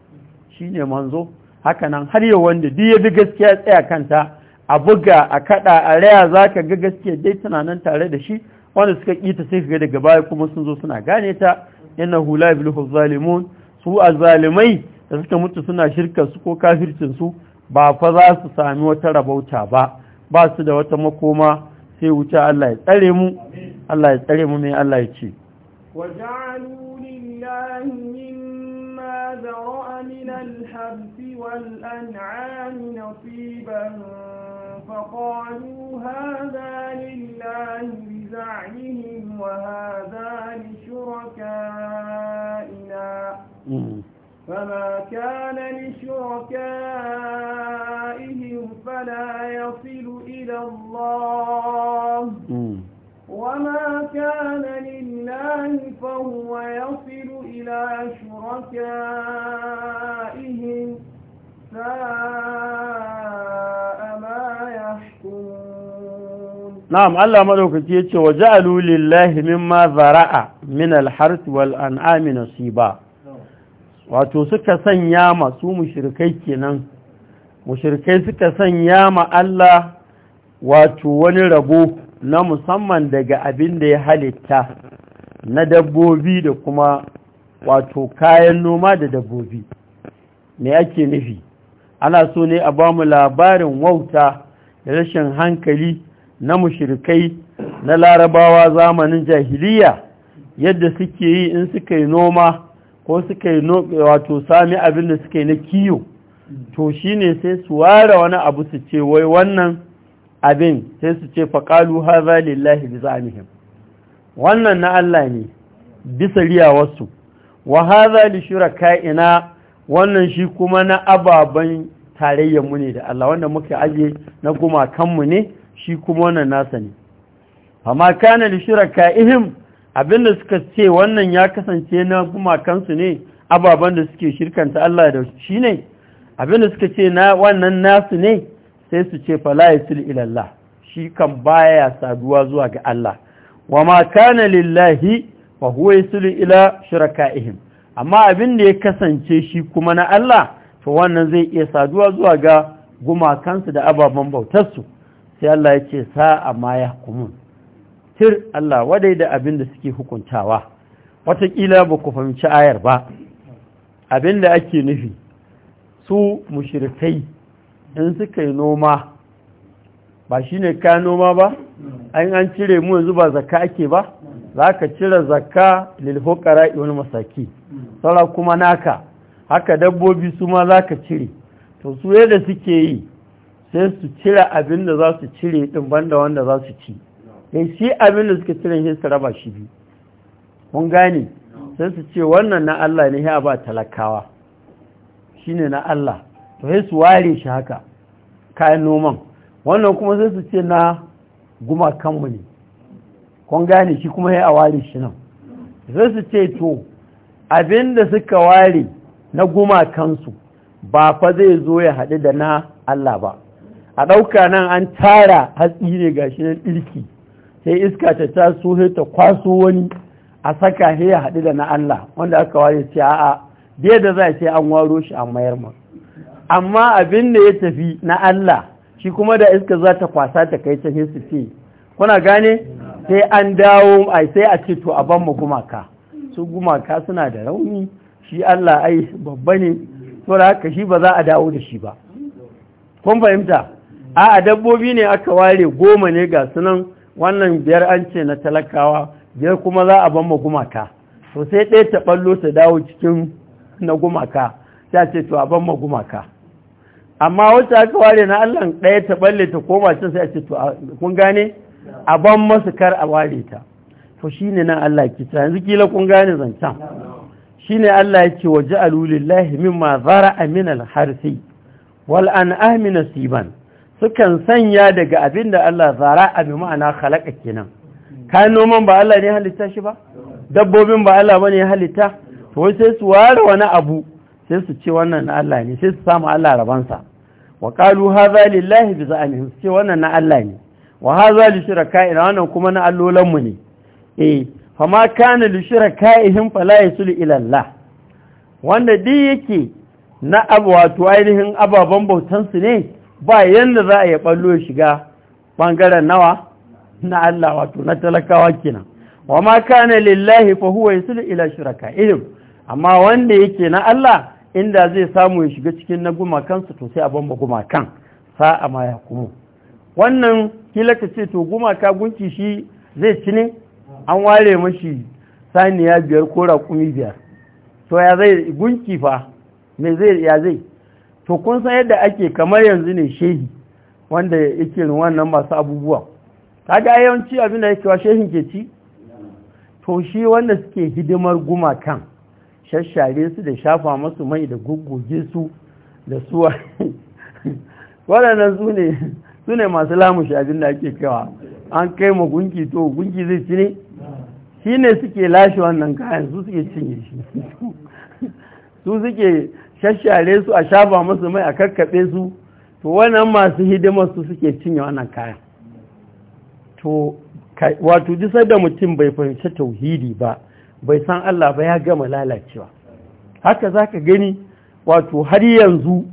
Speaker 1: shi ne manzo hakanan har yau wanda duk ya bi gaskiya tsaya kanta a buga a kaɗa a raya za ka ga gaskiya dai tana nan tare da shi wanda suka ƙita sai ga daga baya kuma sun zo suna gane ta yana hula bil zalimun su a da suka mutu suna shirka su ko kafircin ba fa za su sami wata rabauta ba ba su da wata makoma sai wuce Allah ya tsare mu Allah ya tsare mu ne Allah ya
Speaker 2: ce فقالوا هذا لله بزعمهم وهذا لشركائنا فما كان لشركائهم فلا يصل إلى الله وما كان لله فهو يصل إلى شركائهم ساء
Speaker 3: ما يحكمون نعم
Speaker 1: الله ملوك يتشو وجعلوا لله مما ذرأ من الحرث والأنعام نصيبا wato suka sanya masu mushrikai kenan mushirkai suka sanya ma Allah wato wani rabo na musamman daga abin da ya halitta na dabbobi da kuma wato kayan noma da dabbobi me ake nufi ana so ne a bamu labarin wauta da rashin hankali na mushrikai na larabawa zamanin jahiliya yadda suke yi in suka yi noma ko suka yi wato sami abin da suka yi na kiyo to shine sai su ware wani abu su ce wai wannan abin sai su ce faƙalu haza lillahi bi za'amihim wannan na Allah ne bisa riyawarsu wa haza li shuraka'ina wannan shi kuma na ababan tarayyar mu ne da Allah wanda muka aje na gumakan mu ne shi kuma wannan nasa ne amma kana li shuraka'ihim Abin da suka ce wannan ya kasance na gumakansu ne ababen da suke shirkanta Allah da shi ne abinda suka ce na wannan nasu ne sai su ce fala yasil ilallah shi kan baya saduwa zuwa ga Allah wa ma kana lillahi wa huwa yasil ila shurakaihim amma abin da ya kasance shi kuma na Allah to wannan zai iya saduwa zuwa ga gumakansu da ababen bautarsu sai Allah ya ce sa'a ma yahkumun tir Allah wadai da abin da suke hukuntawa watakila ba ku fahimci ayar ba abin da ake nufi su mushirikai in suka yi noma ba shi ne ka noma ba an an cire mu yanzu ba zakka ake ba za ka cire zakka lilfokara wani masaki saura kuma naka haka dabbobi su ma za ka cire to su yadda suke yi sai su cire abin da za su cire ɗin banda wanda za su ci dai eh, shi abin da suka cire shi su raba shi biyu mun gane sai su ce wannan na Allah ne ya ba talakawa shine na Allah to sai su ware shi haka kayan noman wannan kuma sai su ce na guma kanmu ne kun gane shi kuma ya a ware shi nan sai su ce to abin da suka ware na guma kansu ba fa zai zo ya haɗu da na Allah ba a ɗauka nan an tara hatsi ne ga shi nan ɗirki sai iska ta taso sai ta kwaso wani a saka sai ya haɗu da na Allah wanda aka ware ce a'a bai da za ce an waro shi a mayar ma amma abin da ya tafi na Allah shi kuma da iska za ta kwasa ta kai ta su ce kuna gane sai an dawo ai sai a ce to a ban mu gumaka su gumaka suna da rauni shi Allah ai babba ne to da haka shi ba za a dawo da shi ba kun fahimta A'a dabbobi ne aka ware goma ne ga sunan wannan biyar an ce na talakawa biyar kuma za a ban ma gumaka to sai ɗaya ta ballo ta dawo cikin na gumaka ta ce to a ban ma gumaka amma wata aka ware na Allah ɗaya ta balle ta koma can sai a ce to kun gane a ban masu kar a ware ta to shine nan Allah ya ta yanzu kila kun gane zancen shine Allah yake waje alulillahi mimma zara'a min al-harsi wal Amina nasiban sukan sanya daga abin da Allah zara abin ma'ana halaka kenan kayan noman ba Allah ne halitta shi ba dabbobin ba Allah ba ne halitta to sai su ware wani abu sai su ce wannan na Allah ne sai su samu Allah rabansa wa qalu hadha lillahi bi za'amihim su ce wannan na Allah ne wa hadha li shirakai wannan kuma na allolan mu ne eh fa ma kana li shuraka'ihim fala yasulu ila Allah wanda duk yake na abu wato ainihin ababen bautansu ne ba yadda za a yi ballo shiga ɓangaren nawa na Allah wato na talakawa kenan wa ma kana lillahi fa huwa yusulu ila shurakaihim amma wanda yake na Allah inda zai samu ya shiga cikin na gumakansu to sai a bamba gumakan sa'a ma ya kuma wannan kila ka ce to gumaka gunki shi zai ci ne an ware mashi saniya biyar ko raƙumi biyar to ya zai gunki fa me zai ya zai to kun san yadda ake kamar yanzu ne shehi wanda yake wannan masu abubuwa kaga yawanci abin da yake wa shehin ke ci to shi wanda suke hidimar gumakan shashare su da shafa masu mai da guguje su da suwa waɗannan su ne masu lamushi abin da ake kawa an kai ma gunki to gunki zai ci ne shi ne suke lashe wannan kayan su suke cinye shi su suke shashare su a shafa masu mai a kakkaɓe su to wannan masu hidimar su suke cinye wannan kayan to wato jisar da mutum bai fahimci tauhidi ba bai san Allah ba ya gama lalacewa haka za ka gani wato har yanzu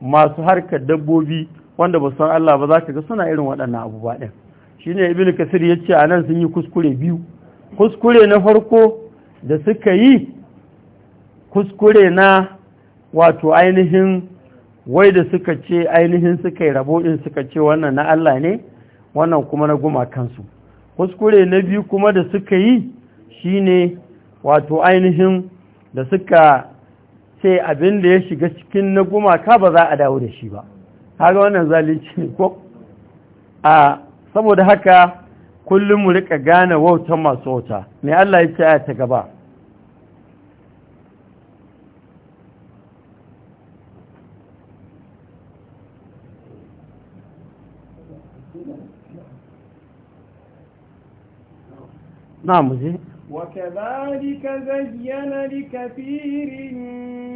Speaker 1: masu harkar dabbobi wanda ba san Allah ba za ka ga suna irin waɗannan abubuwa ɗin shi ne ibn kasir ya ce a nan sun yi kuskure biyu kuskure na farko da suka yi kuskure na wato ainihin wai da suka ce ainihin suka yi rabo suka ce wannan na Allah ne wannan kuma na gumakansu kuskure na biyu kuma da suka yi shine wato ainihin da suka ce abin da ya shiga cikin na gumaka ba za a dawo da shi ba haka wannan zalici ne ko a saboda haka kullum mu rika gane wautan masu wauta mai Allah ya ce ta gaba نعم زي
Speaker 2: وكذلك زين لكثير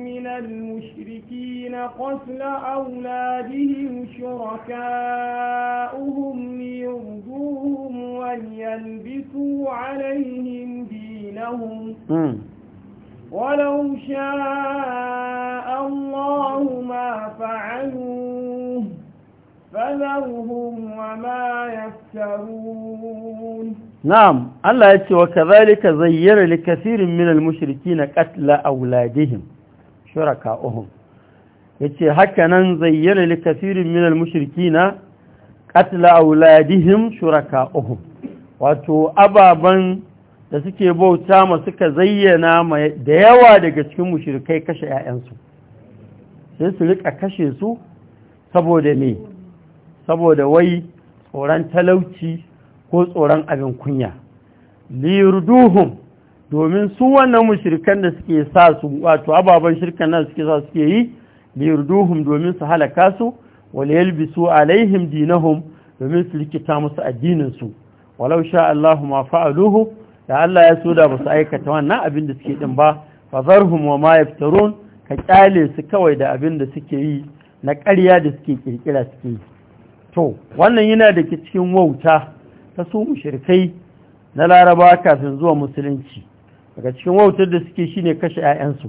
Speaker 2: من المشركين قتل أولادهم شركاؤهم ليرجوهم وليلبسوا عليهم دينهم ولو شاء الله ما فعلوه فذرهم وما يفترون
Speaker 1: نعم الله يتي وكذلك زين لكثير من المشركين قتل أولادهم شركاؤهم yace haka nan zayyana li kafirin minal mushrikina qatla auladihim shuraka'uhum wato ababan da suke bauta ma suka zayyana da yawa daga cikin mushrikai kashe 'ya'yansu sai su rika kashe su saboda me saboda wai tsoron talauci ko tsoron abin kunya liruduhun domin su wannan mushrikan da suke sa su wato ababan shirkan nan suke sa suke yi liruduhun domin su halaka su wal yalbisu alaihim dinahum domin su likita musu addinin su walau sha Allah ma fa'aluhu da Allah ya so da ba su aikata wannan abin da suke din ba fazarhum wa ma yaftarun ka ƙyale su kawai da abin da suke yi na ƙarya da suke ƙirƙira suke yi to wannan yana da cikin wauta ta su mushrikai na laraba kafin zuwa musulunci daga cikin wautar da suke shine kashe 'ya'yansu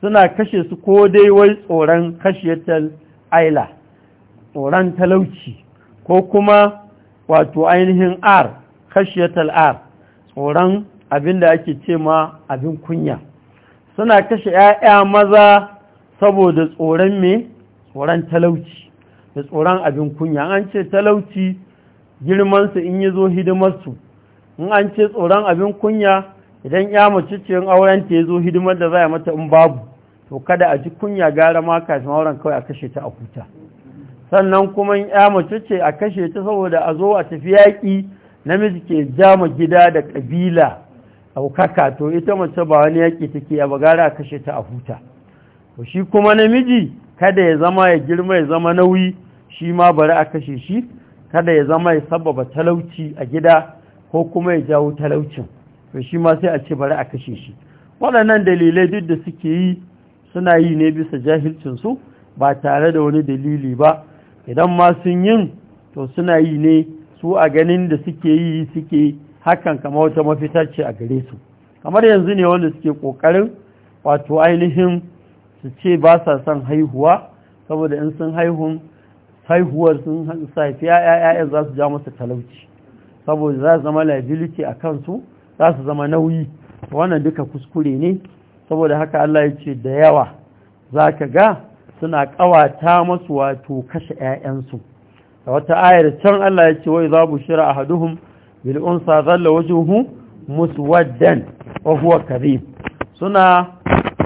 Speaker 1: suna kashe su ko dai wai tsoron ta aila tsoron talauci ko kuma wato ainihin r ta r tsoron abin da ake ce ma abin kunya suna kashe 'ya'ya maza saboda tsoron me tsoron talauci da tsoron abin kunya an ce talauci girmansu in yi zo hidimarsu in an ce tsoron abin kunya idan ya mace ce in auren ta ya zo hidimar da za a mata in babu to kada a ji kunya gara ma kafin auren kawai a kashe ta a kuta sannan kuma in ya mace ce a kashe ta saboda a zo a tafi yaƙi namiji ke jama gida da ƙabila ɗaukaka to ita mace ba wani yaƙi take a bagara a kashe ta a huta to shi kuma namiji kada ya zama ya girma ya zama nauyi shi ma bari a kashe shi kada ya zama ya sababa talauci a gida ko kuma ya jawo talaucin to shi ma sai a ce bari a kashe shi waɗannan dalilai duk da suke yi suna yi ne bisa jahilcin su ba tare da wani dalili ba idan ma sun yin to suna yi ne su a ganin da suke yi suke hakan kamar wata mafita ce a gare su kamar yanzu ne wanda suke ƙoƙarin wato ainihin su ce ba sa son haihuwa saboda in sun haihun haihuwar sun haifi ya'ya za su ja masa talauci saboda za su zama liability a kansu za su zama nauyi wannan duka kuskure ne saboda haka Allah ya ce da yawa za ka ga suna ƙawata masu wato kashe 'ya'yansu da wata ayar can Allah ya ce wai za bu shira a haduhun bil'unsa zalla wajen wajuhu muswaddan wa huwa kare suna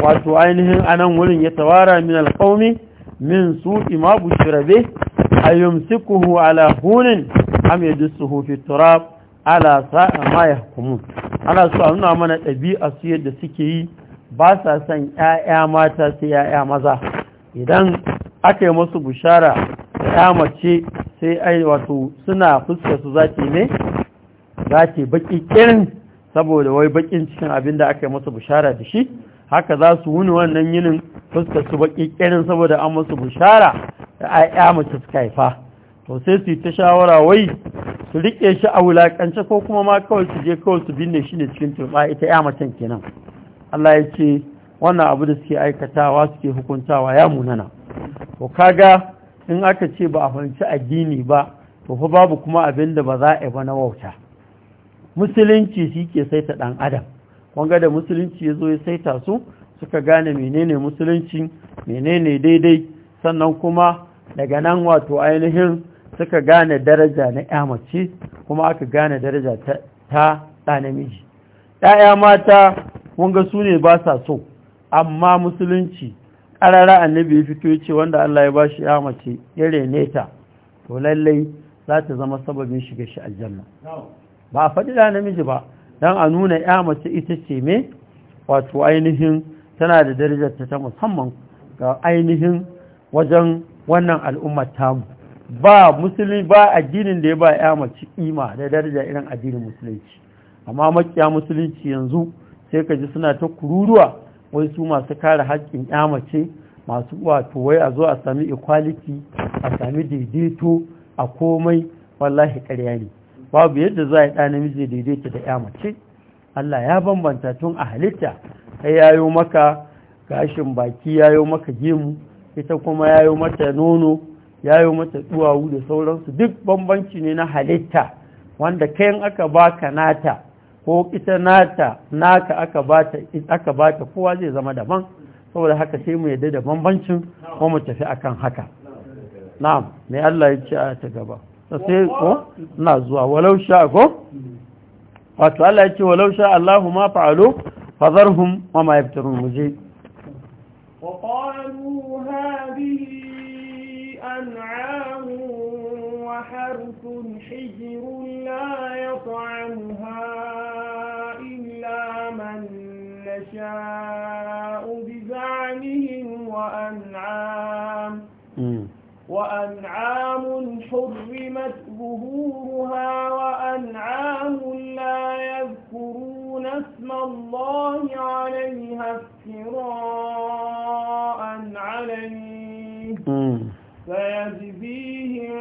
Speaker 1: wato ainihin anan wurin ya tawara min alƙaumi min su ima bushirabe a yumsikuhu ala hunin am yadussuhu fi turab ala sa'a ma yahkumun ana so a nuna mana ɗabi'a su yadda suke yi ba sa son ya'ya mata sai ya'ya maza idan aka yi musu bushara ‘ya mace sai ai wato suna fuskar su zaki ne zaki baki kirin saboda wai bakin cikin abin da aka yi musu bushara da shi haka za su wuni wannan yinin fuskar su baki kirin saboda an masu bushara da ayya mace suka haifa to sai su yi ta shawara wai su riƙe shi a wulakance ko kuma ma kawai su je kawai su binne shi ne cikin turba ita ya macen kenan Allah ya ce wannan abu da suke aikatawa suke hukuntawa ya munana to kaga in aka ce ba a fahimci addini ba to fa babu kuma abin da ba za a yi ba na wauta musulunci shi ke saita ɗan adam wanga da musulunci ya zo ya saita su suka gane menene musulunci menene daidai sannan kuma daga nan wato ainihin suka gane daraja na ya kuma aka gane daraja ta ɗa namiji ‘ya'ya mata wanga su ne ba sa so amma musulunci ƙarara annabi ya fito ce wanda Allah ya ba shi ya mace ya rene ta to lallai za ta zama sababin shiga shi aljanna ba a faɗi da namiji ba don a nuna ya mace ita ce me wato ainihin tana da darajarta ta musamman ga ainihin wajen wannan al'ummar tamu ba musulmi ba addinin da ya ba ya mace ima da daraja irin addinin musulunci amma makiya musulunci yanzu sai ka ji suna ta kururuwa wai su masu kare haƙƙin ya mace masu wato wai a zo a sami equality a sami daidaito a komai wallahi ƙarya ne babu yadda za a yi ɗa namiji daidaita da ya mace Allah ya bambanta tun a halitta ya yayo maka gashin baki ya yi maka gemu ita kuma ya yi mata nono ya yi mata duwawu da sauransu duk bambanci ne na halitta wanda kayan aka baka nata ko ita nata naka aka bata ta kowa zai zama daban saboda haka sai mu yadda da bambancin ko tafi akan haka na'am mai Allah ya ce a ta gaba sai ko na zuwa walau sha ko wato Allah ya ce walau sha Allahu ma fa'alu fadharhum wa ma yaftarun muje
Speaker 2: وقالوا هذه أنعام وحرث حجر لا يطعمها إلا من نشاء بزعمهم وأنعام وأنعام حرمت ظهورها وأنعام لا يذكرون اسم الله عليها افتراء عليه فيجزيهم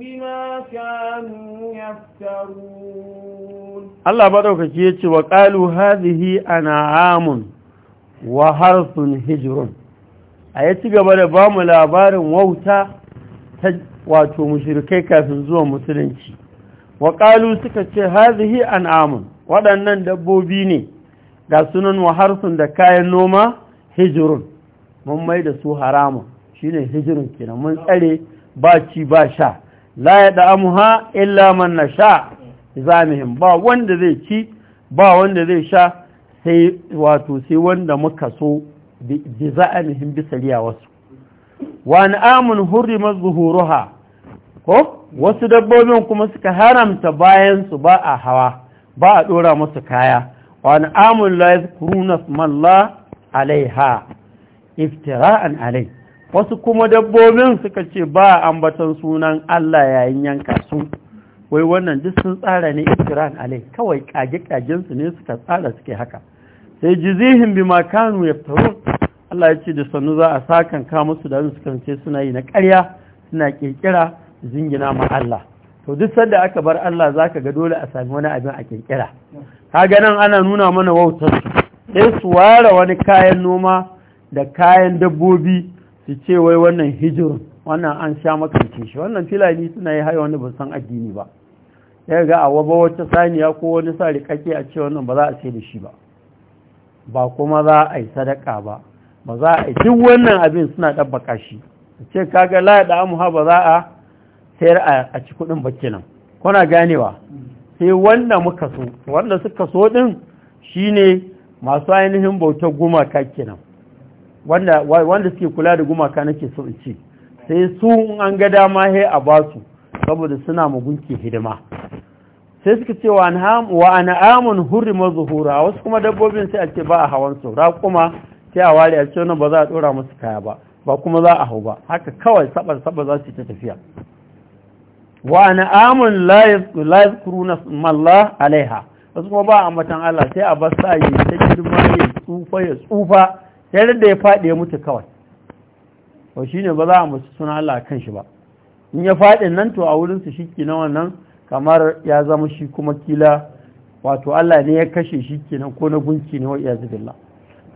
Speaker 2: بما كانوا يفترون
Speaker 1: الله بدأ فيك وقالوا هذه أنعام وحرث هجر a ya ci gaba da ba mu labarin wauta ta wato mushrikai kafin zuwa musulunci Waƙalu suka ce hazihi amun? waɗannan dabbobi ne ga sunan waharsun da kayan noma hijirun mun mai da su haramun ne hijirun kenan mun tsare ba ci ba sha la ya ha, illa man sha zamihin ba wanda zai ci ba wanda zai sha sai wato sai wanda muka so bi za'amihim bi sariyawarsu wa an'amun hurrimat zuhuruha ko wasu dabbobin kuma suka haramta bayan su ba a hawa ba a dora musu kaya wa an'amun la yadhkuruna Allah alaiha iftira'an alai wasu kuma dabbobin suka ce ba ambatan sunan Allah yayin yanka su wai wannan duk sun tsara ne iftira'an alai kawai kage kagen su ne suka tsara suke haka sai jizihim bima kanu yaftarun Allah ya ce da sannu za a sakan ka musu da su kance suna yi na ƙarya suna kirkira zingina ma Allah to duk sanda aka bar Allah zaka ga dole a sami wani abin a kirkira kaga nan ana nuna mana wautar sai su ware wani kayan noma da kayan dabbobi su ce wai wannan hijir wannan an sha makarci shi wannan filani suna yi haya wani ba san addini ba sai ga a waba wata saniya ko wani sa rikake a ce wannan ba za a ce da shi ba ba kuma za a yi sadaka ba ba za a duk wannan abin suna ɗabbaka shi ce kaga la da amuha ba za a sayar a ci ba kenan, kuna ganewa sai wanda muka so wanda suka so din shine masu ainihin bautar gumaka kenan wanda wanda suke kula da gumaka nake so in ce sai su an ga dama he a basu saboda suna mugunke hidima sai suka ce wa amun hurri zuhura wasu kuma dabbobin sai a ce ba a hawan su raƙuma sai a ware a ce ba za a dora musu kaya ba ba kuma za a hau ba haka kawai sabar sabar za su ta tafiya wa na amun la kuruna malla alaiha wasu kuma ba a matan Allah sai a basa yi ta girma ya tsufa ya tsufa sai da ya faɗi ya mutu kawai to shine ba za a musu suna Allah kan shi ba in ya faɗi nan to a wurin su shiki na wannan kamar ya zama shi kuma kila wato Allah ne ya kashe shi kenan ko na gunki ne wa iyazu billah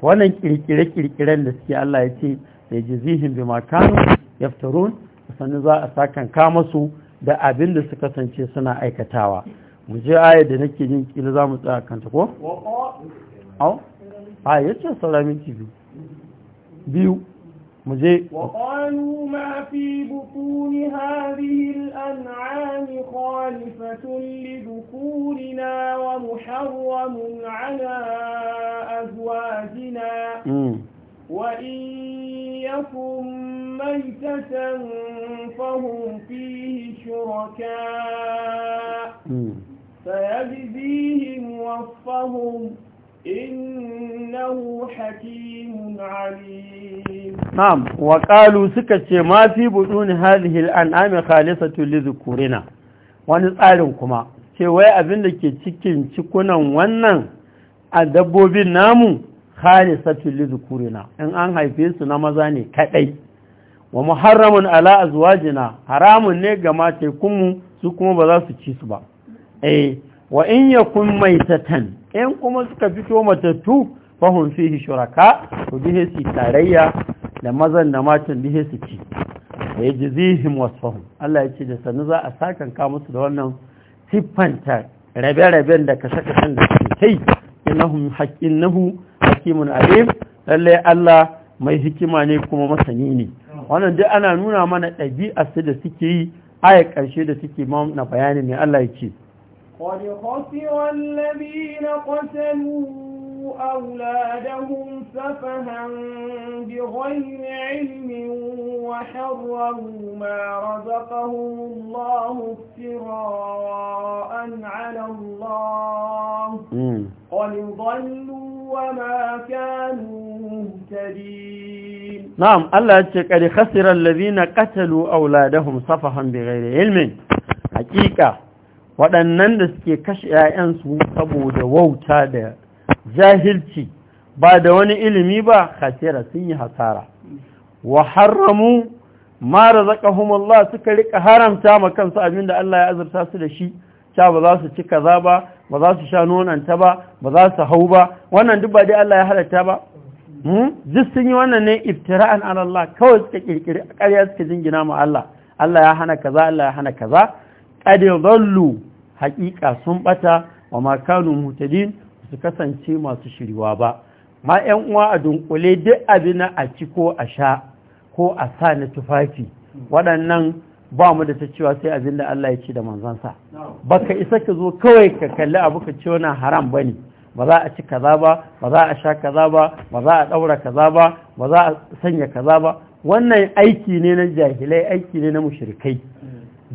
Speaker 1: wannan kirkire-kirkiren da suke Allah ya ce da zihin bi makanu yaftarun sannan za a sa kama su da abin da suka kasance suna aikatawa mu je ayar da nake jin kila za mu tsaya kanta ko? a sauramin biyu مجھے وقالوا ما في بطون هذه
Speaker 2: الأنعام خالفة لذكورنا ومحرم على أزواجنا وإن يكن ميتة فهم فيه شركاء فيجزيهم وصفهم ce ma fi نعم
Speaker 1: وقالوا سكت ما في بطون هذه الأنعام خالصة لذكورنا ونسألكم cewa abin da ke cikin cikunan wannan a dabbobin namu khalisatu lizukurina in an haife su na maza ne kadai wa muharramun ala azwajina haramun ne ga mata su kuma ba za su ci su ba eh wa in yakun maitatan in kuma suka fito matattu fahun fihi shuraka to bihe su tarayya da mazan da matan bihe su ci da ya jizihim wasfahun Allah ya ce da sannu za a sakan ka musu da wannan siffanta rabe-raben da kashe-kashen da suke kai innahum haqqinahu hakimun alim lallai Allah mai hikima ne kuma masani ne wannan duk ana nuna mana ɗabi'a su da suke yi aya ƙarshe da suke na bayani. ne Allah ya ce
Speaker 2: قد خسر الذين قتلوا أولادهم سفها بغير علم وحرموا ما رزقهم الله افتراء على الله قد ضلوا وما كانوا مهتدين
Speaker 1: نعم الله قد خسر الذين قتلوا أولادهم سفها بغير علم حقيقة waɗannan da suke kashe 'ya'yansu saboda wauta da jahilci ba da wani ilimi ba hasira sun yi hasara wa haramu ma zaƙa Allah suka riƙa haramta ma kansu da Allah ya azurta su da shi cha ba za su ci kaza ba ba za su sha nonanta ba ba za su hau ba wannan duk ba dai Allah ya halatta ba hmm? duk sun yi wannan ne iftira'an an Allah kawai suka kirkiri ƙarya suka jingina ma Allah Allah ya hana kaza Allah ya hana kaza kade zallu haƙiƙa sun ɓata wa makanun mutadin su kasance masu shiriwa ba ma 'yan uwa a dunkule duk abina a ci ko a sha ko a sa na tufafi waɗannan ba mu da ta cewa sai abin da Allah ya ci da manzansa ba ka isa ka zo kawai ka kalli abu ka ce wani haram ba ne ba za a ci kaza ba ba za a sha kaza ba ba za a ɗaura kaza ba ba za a sanya kaza ba wannan aiki ne na jahilai aiki ne na mushrikai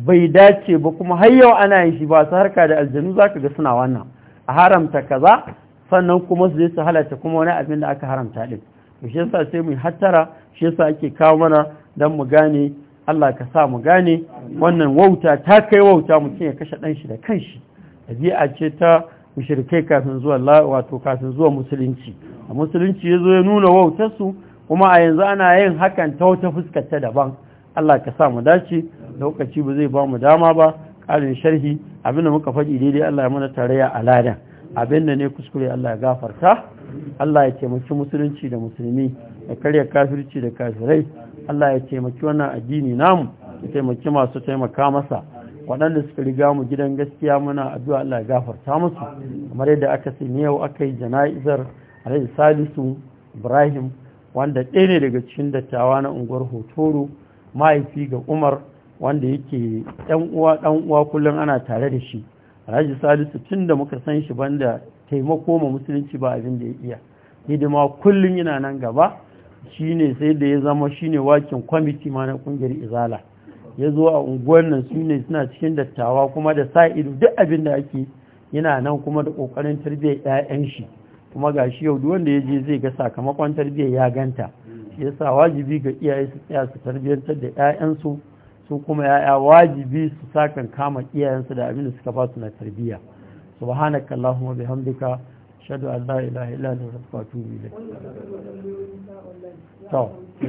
Speaker 1: bai dace ba kuma har yau ana yin shi ba su harka da aljanu za ka ga suna wannan a haramta kaza sannan kuma su zai su halarta kuma wani abin da aka haramta ɗin to shi yasa sai mu hattara shi yasa ake kawo mana don mu gane Allah ka sa mu gane wannan wauta ta kai wauta mutum ya kashe ɗan shi da kanshi ɗabi'a ce ta mushrikai kafin zuwa wato kafin zuwa musulunci a musulunci ya zo ya nuna su kuma a yanzu ana yin hakan ta wata fuskar ta daban Allah ka sa mu dace lokaci ba zai ba mu dama ba ƙarin sharhi abinda muka faɗi daidai Allah ya mana tarayya a ladan abinda ne kuskure Allah ya gafarta Allah ya taimaki musulunci da musulmi ya karya kafirci da kafirai Allah ya taimaki wannan addini namu ya taimaki masu taimaka masa waɗanda suka riga mu gidan gaskiya muna addu'a Allah ya gafarta musu kamar yadda aka sani yau aka yi jana'izar Alhaji Salisu Ibrahim wanda ɗaya ne daga cikin dattawa na unguwar Hotoro mahaifi ga umar wanda yake ɗan uwa ɗan uwa kullum ana tare da shi alhaji salisu tun da muka san shi banda taimako ma musulunci ba abin da ya iya hidima kullum yana nan gaba shine sai da ya zama shine wakin kwamiti ma na kungiyar izala ya zo a unguwar nan su ne suna cikin dattawa kuma da sa ido duk abin da ake yana nan kuma da kokarin tarbiyyar 'ya'yan shi kuma ga shi yau wanda ya je zai ga sakamakon tarbiyyar ya ganta shi yasa wajibi ga iyaye su tsaya su tarbiyyantar da ƴaƴansu su kuma ya'ya wajibi su sakan kama iyayensu da abin da suka ba su na tarbiyya subhanaka allahumma bihamdika ashhadu an la ilaha illa anta astaghfiruka wa atubu
Speaker 3: ilayk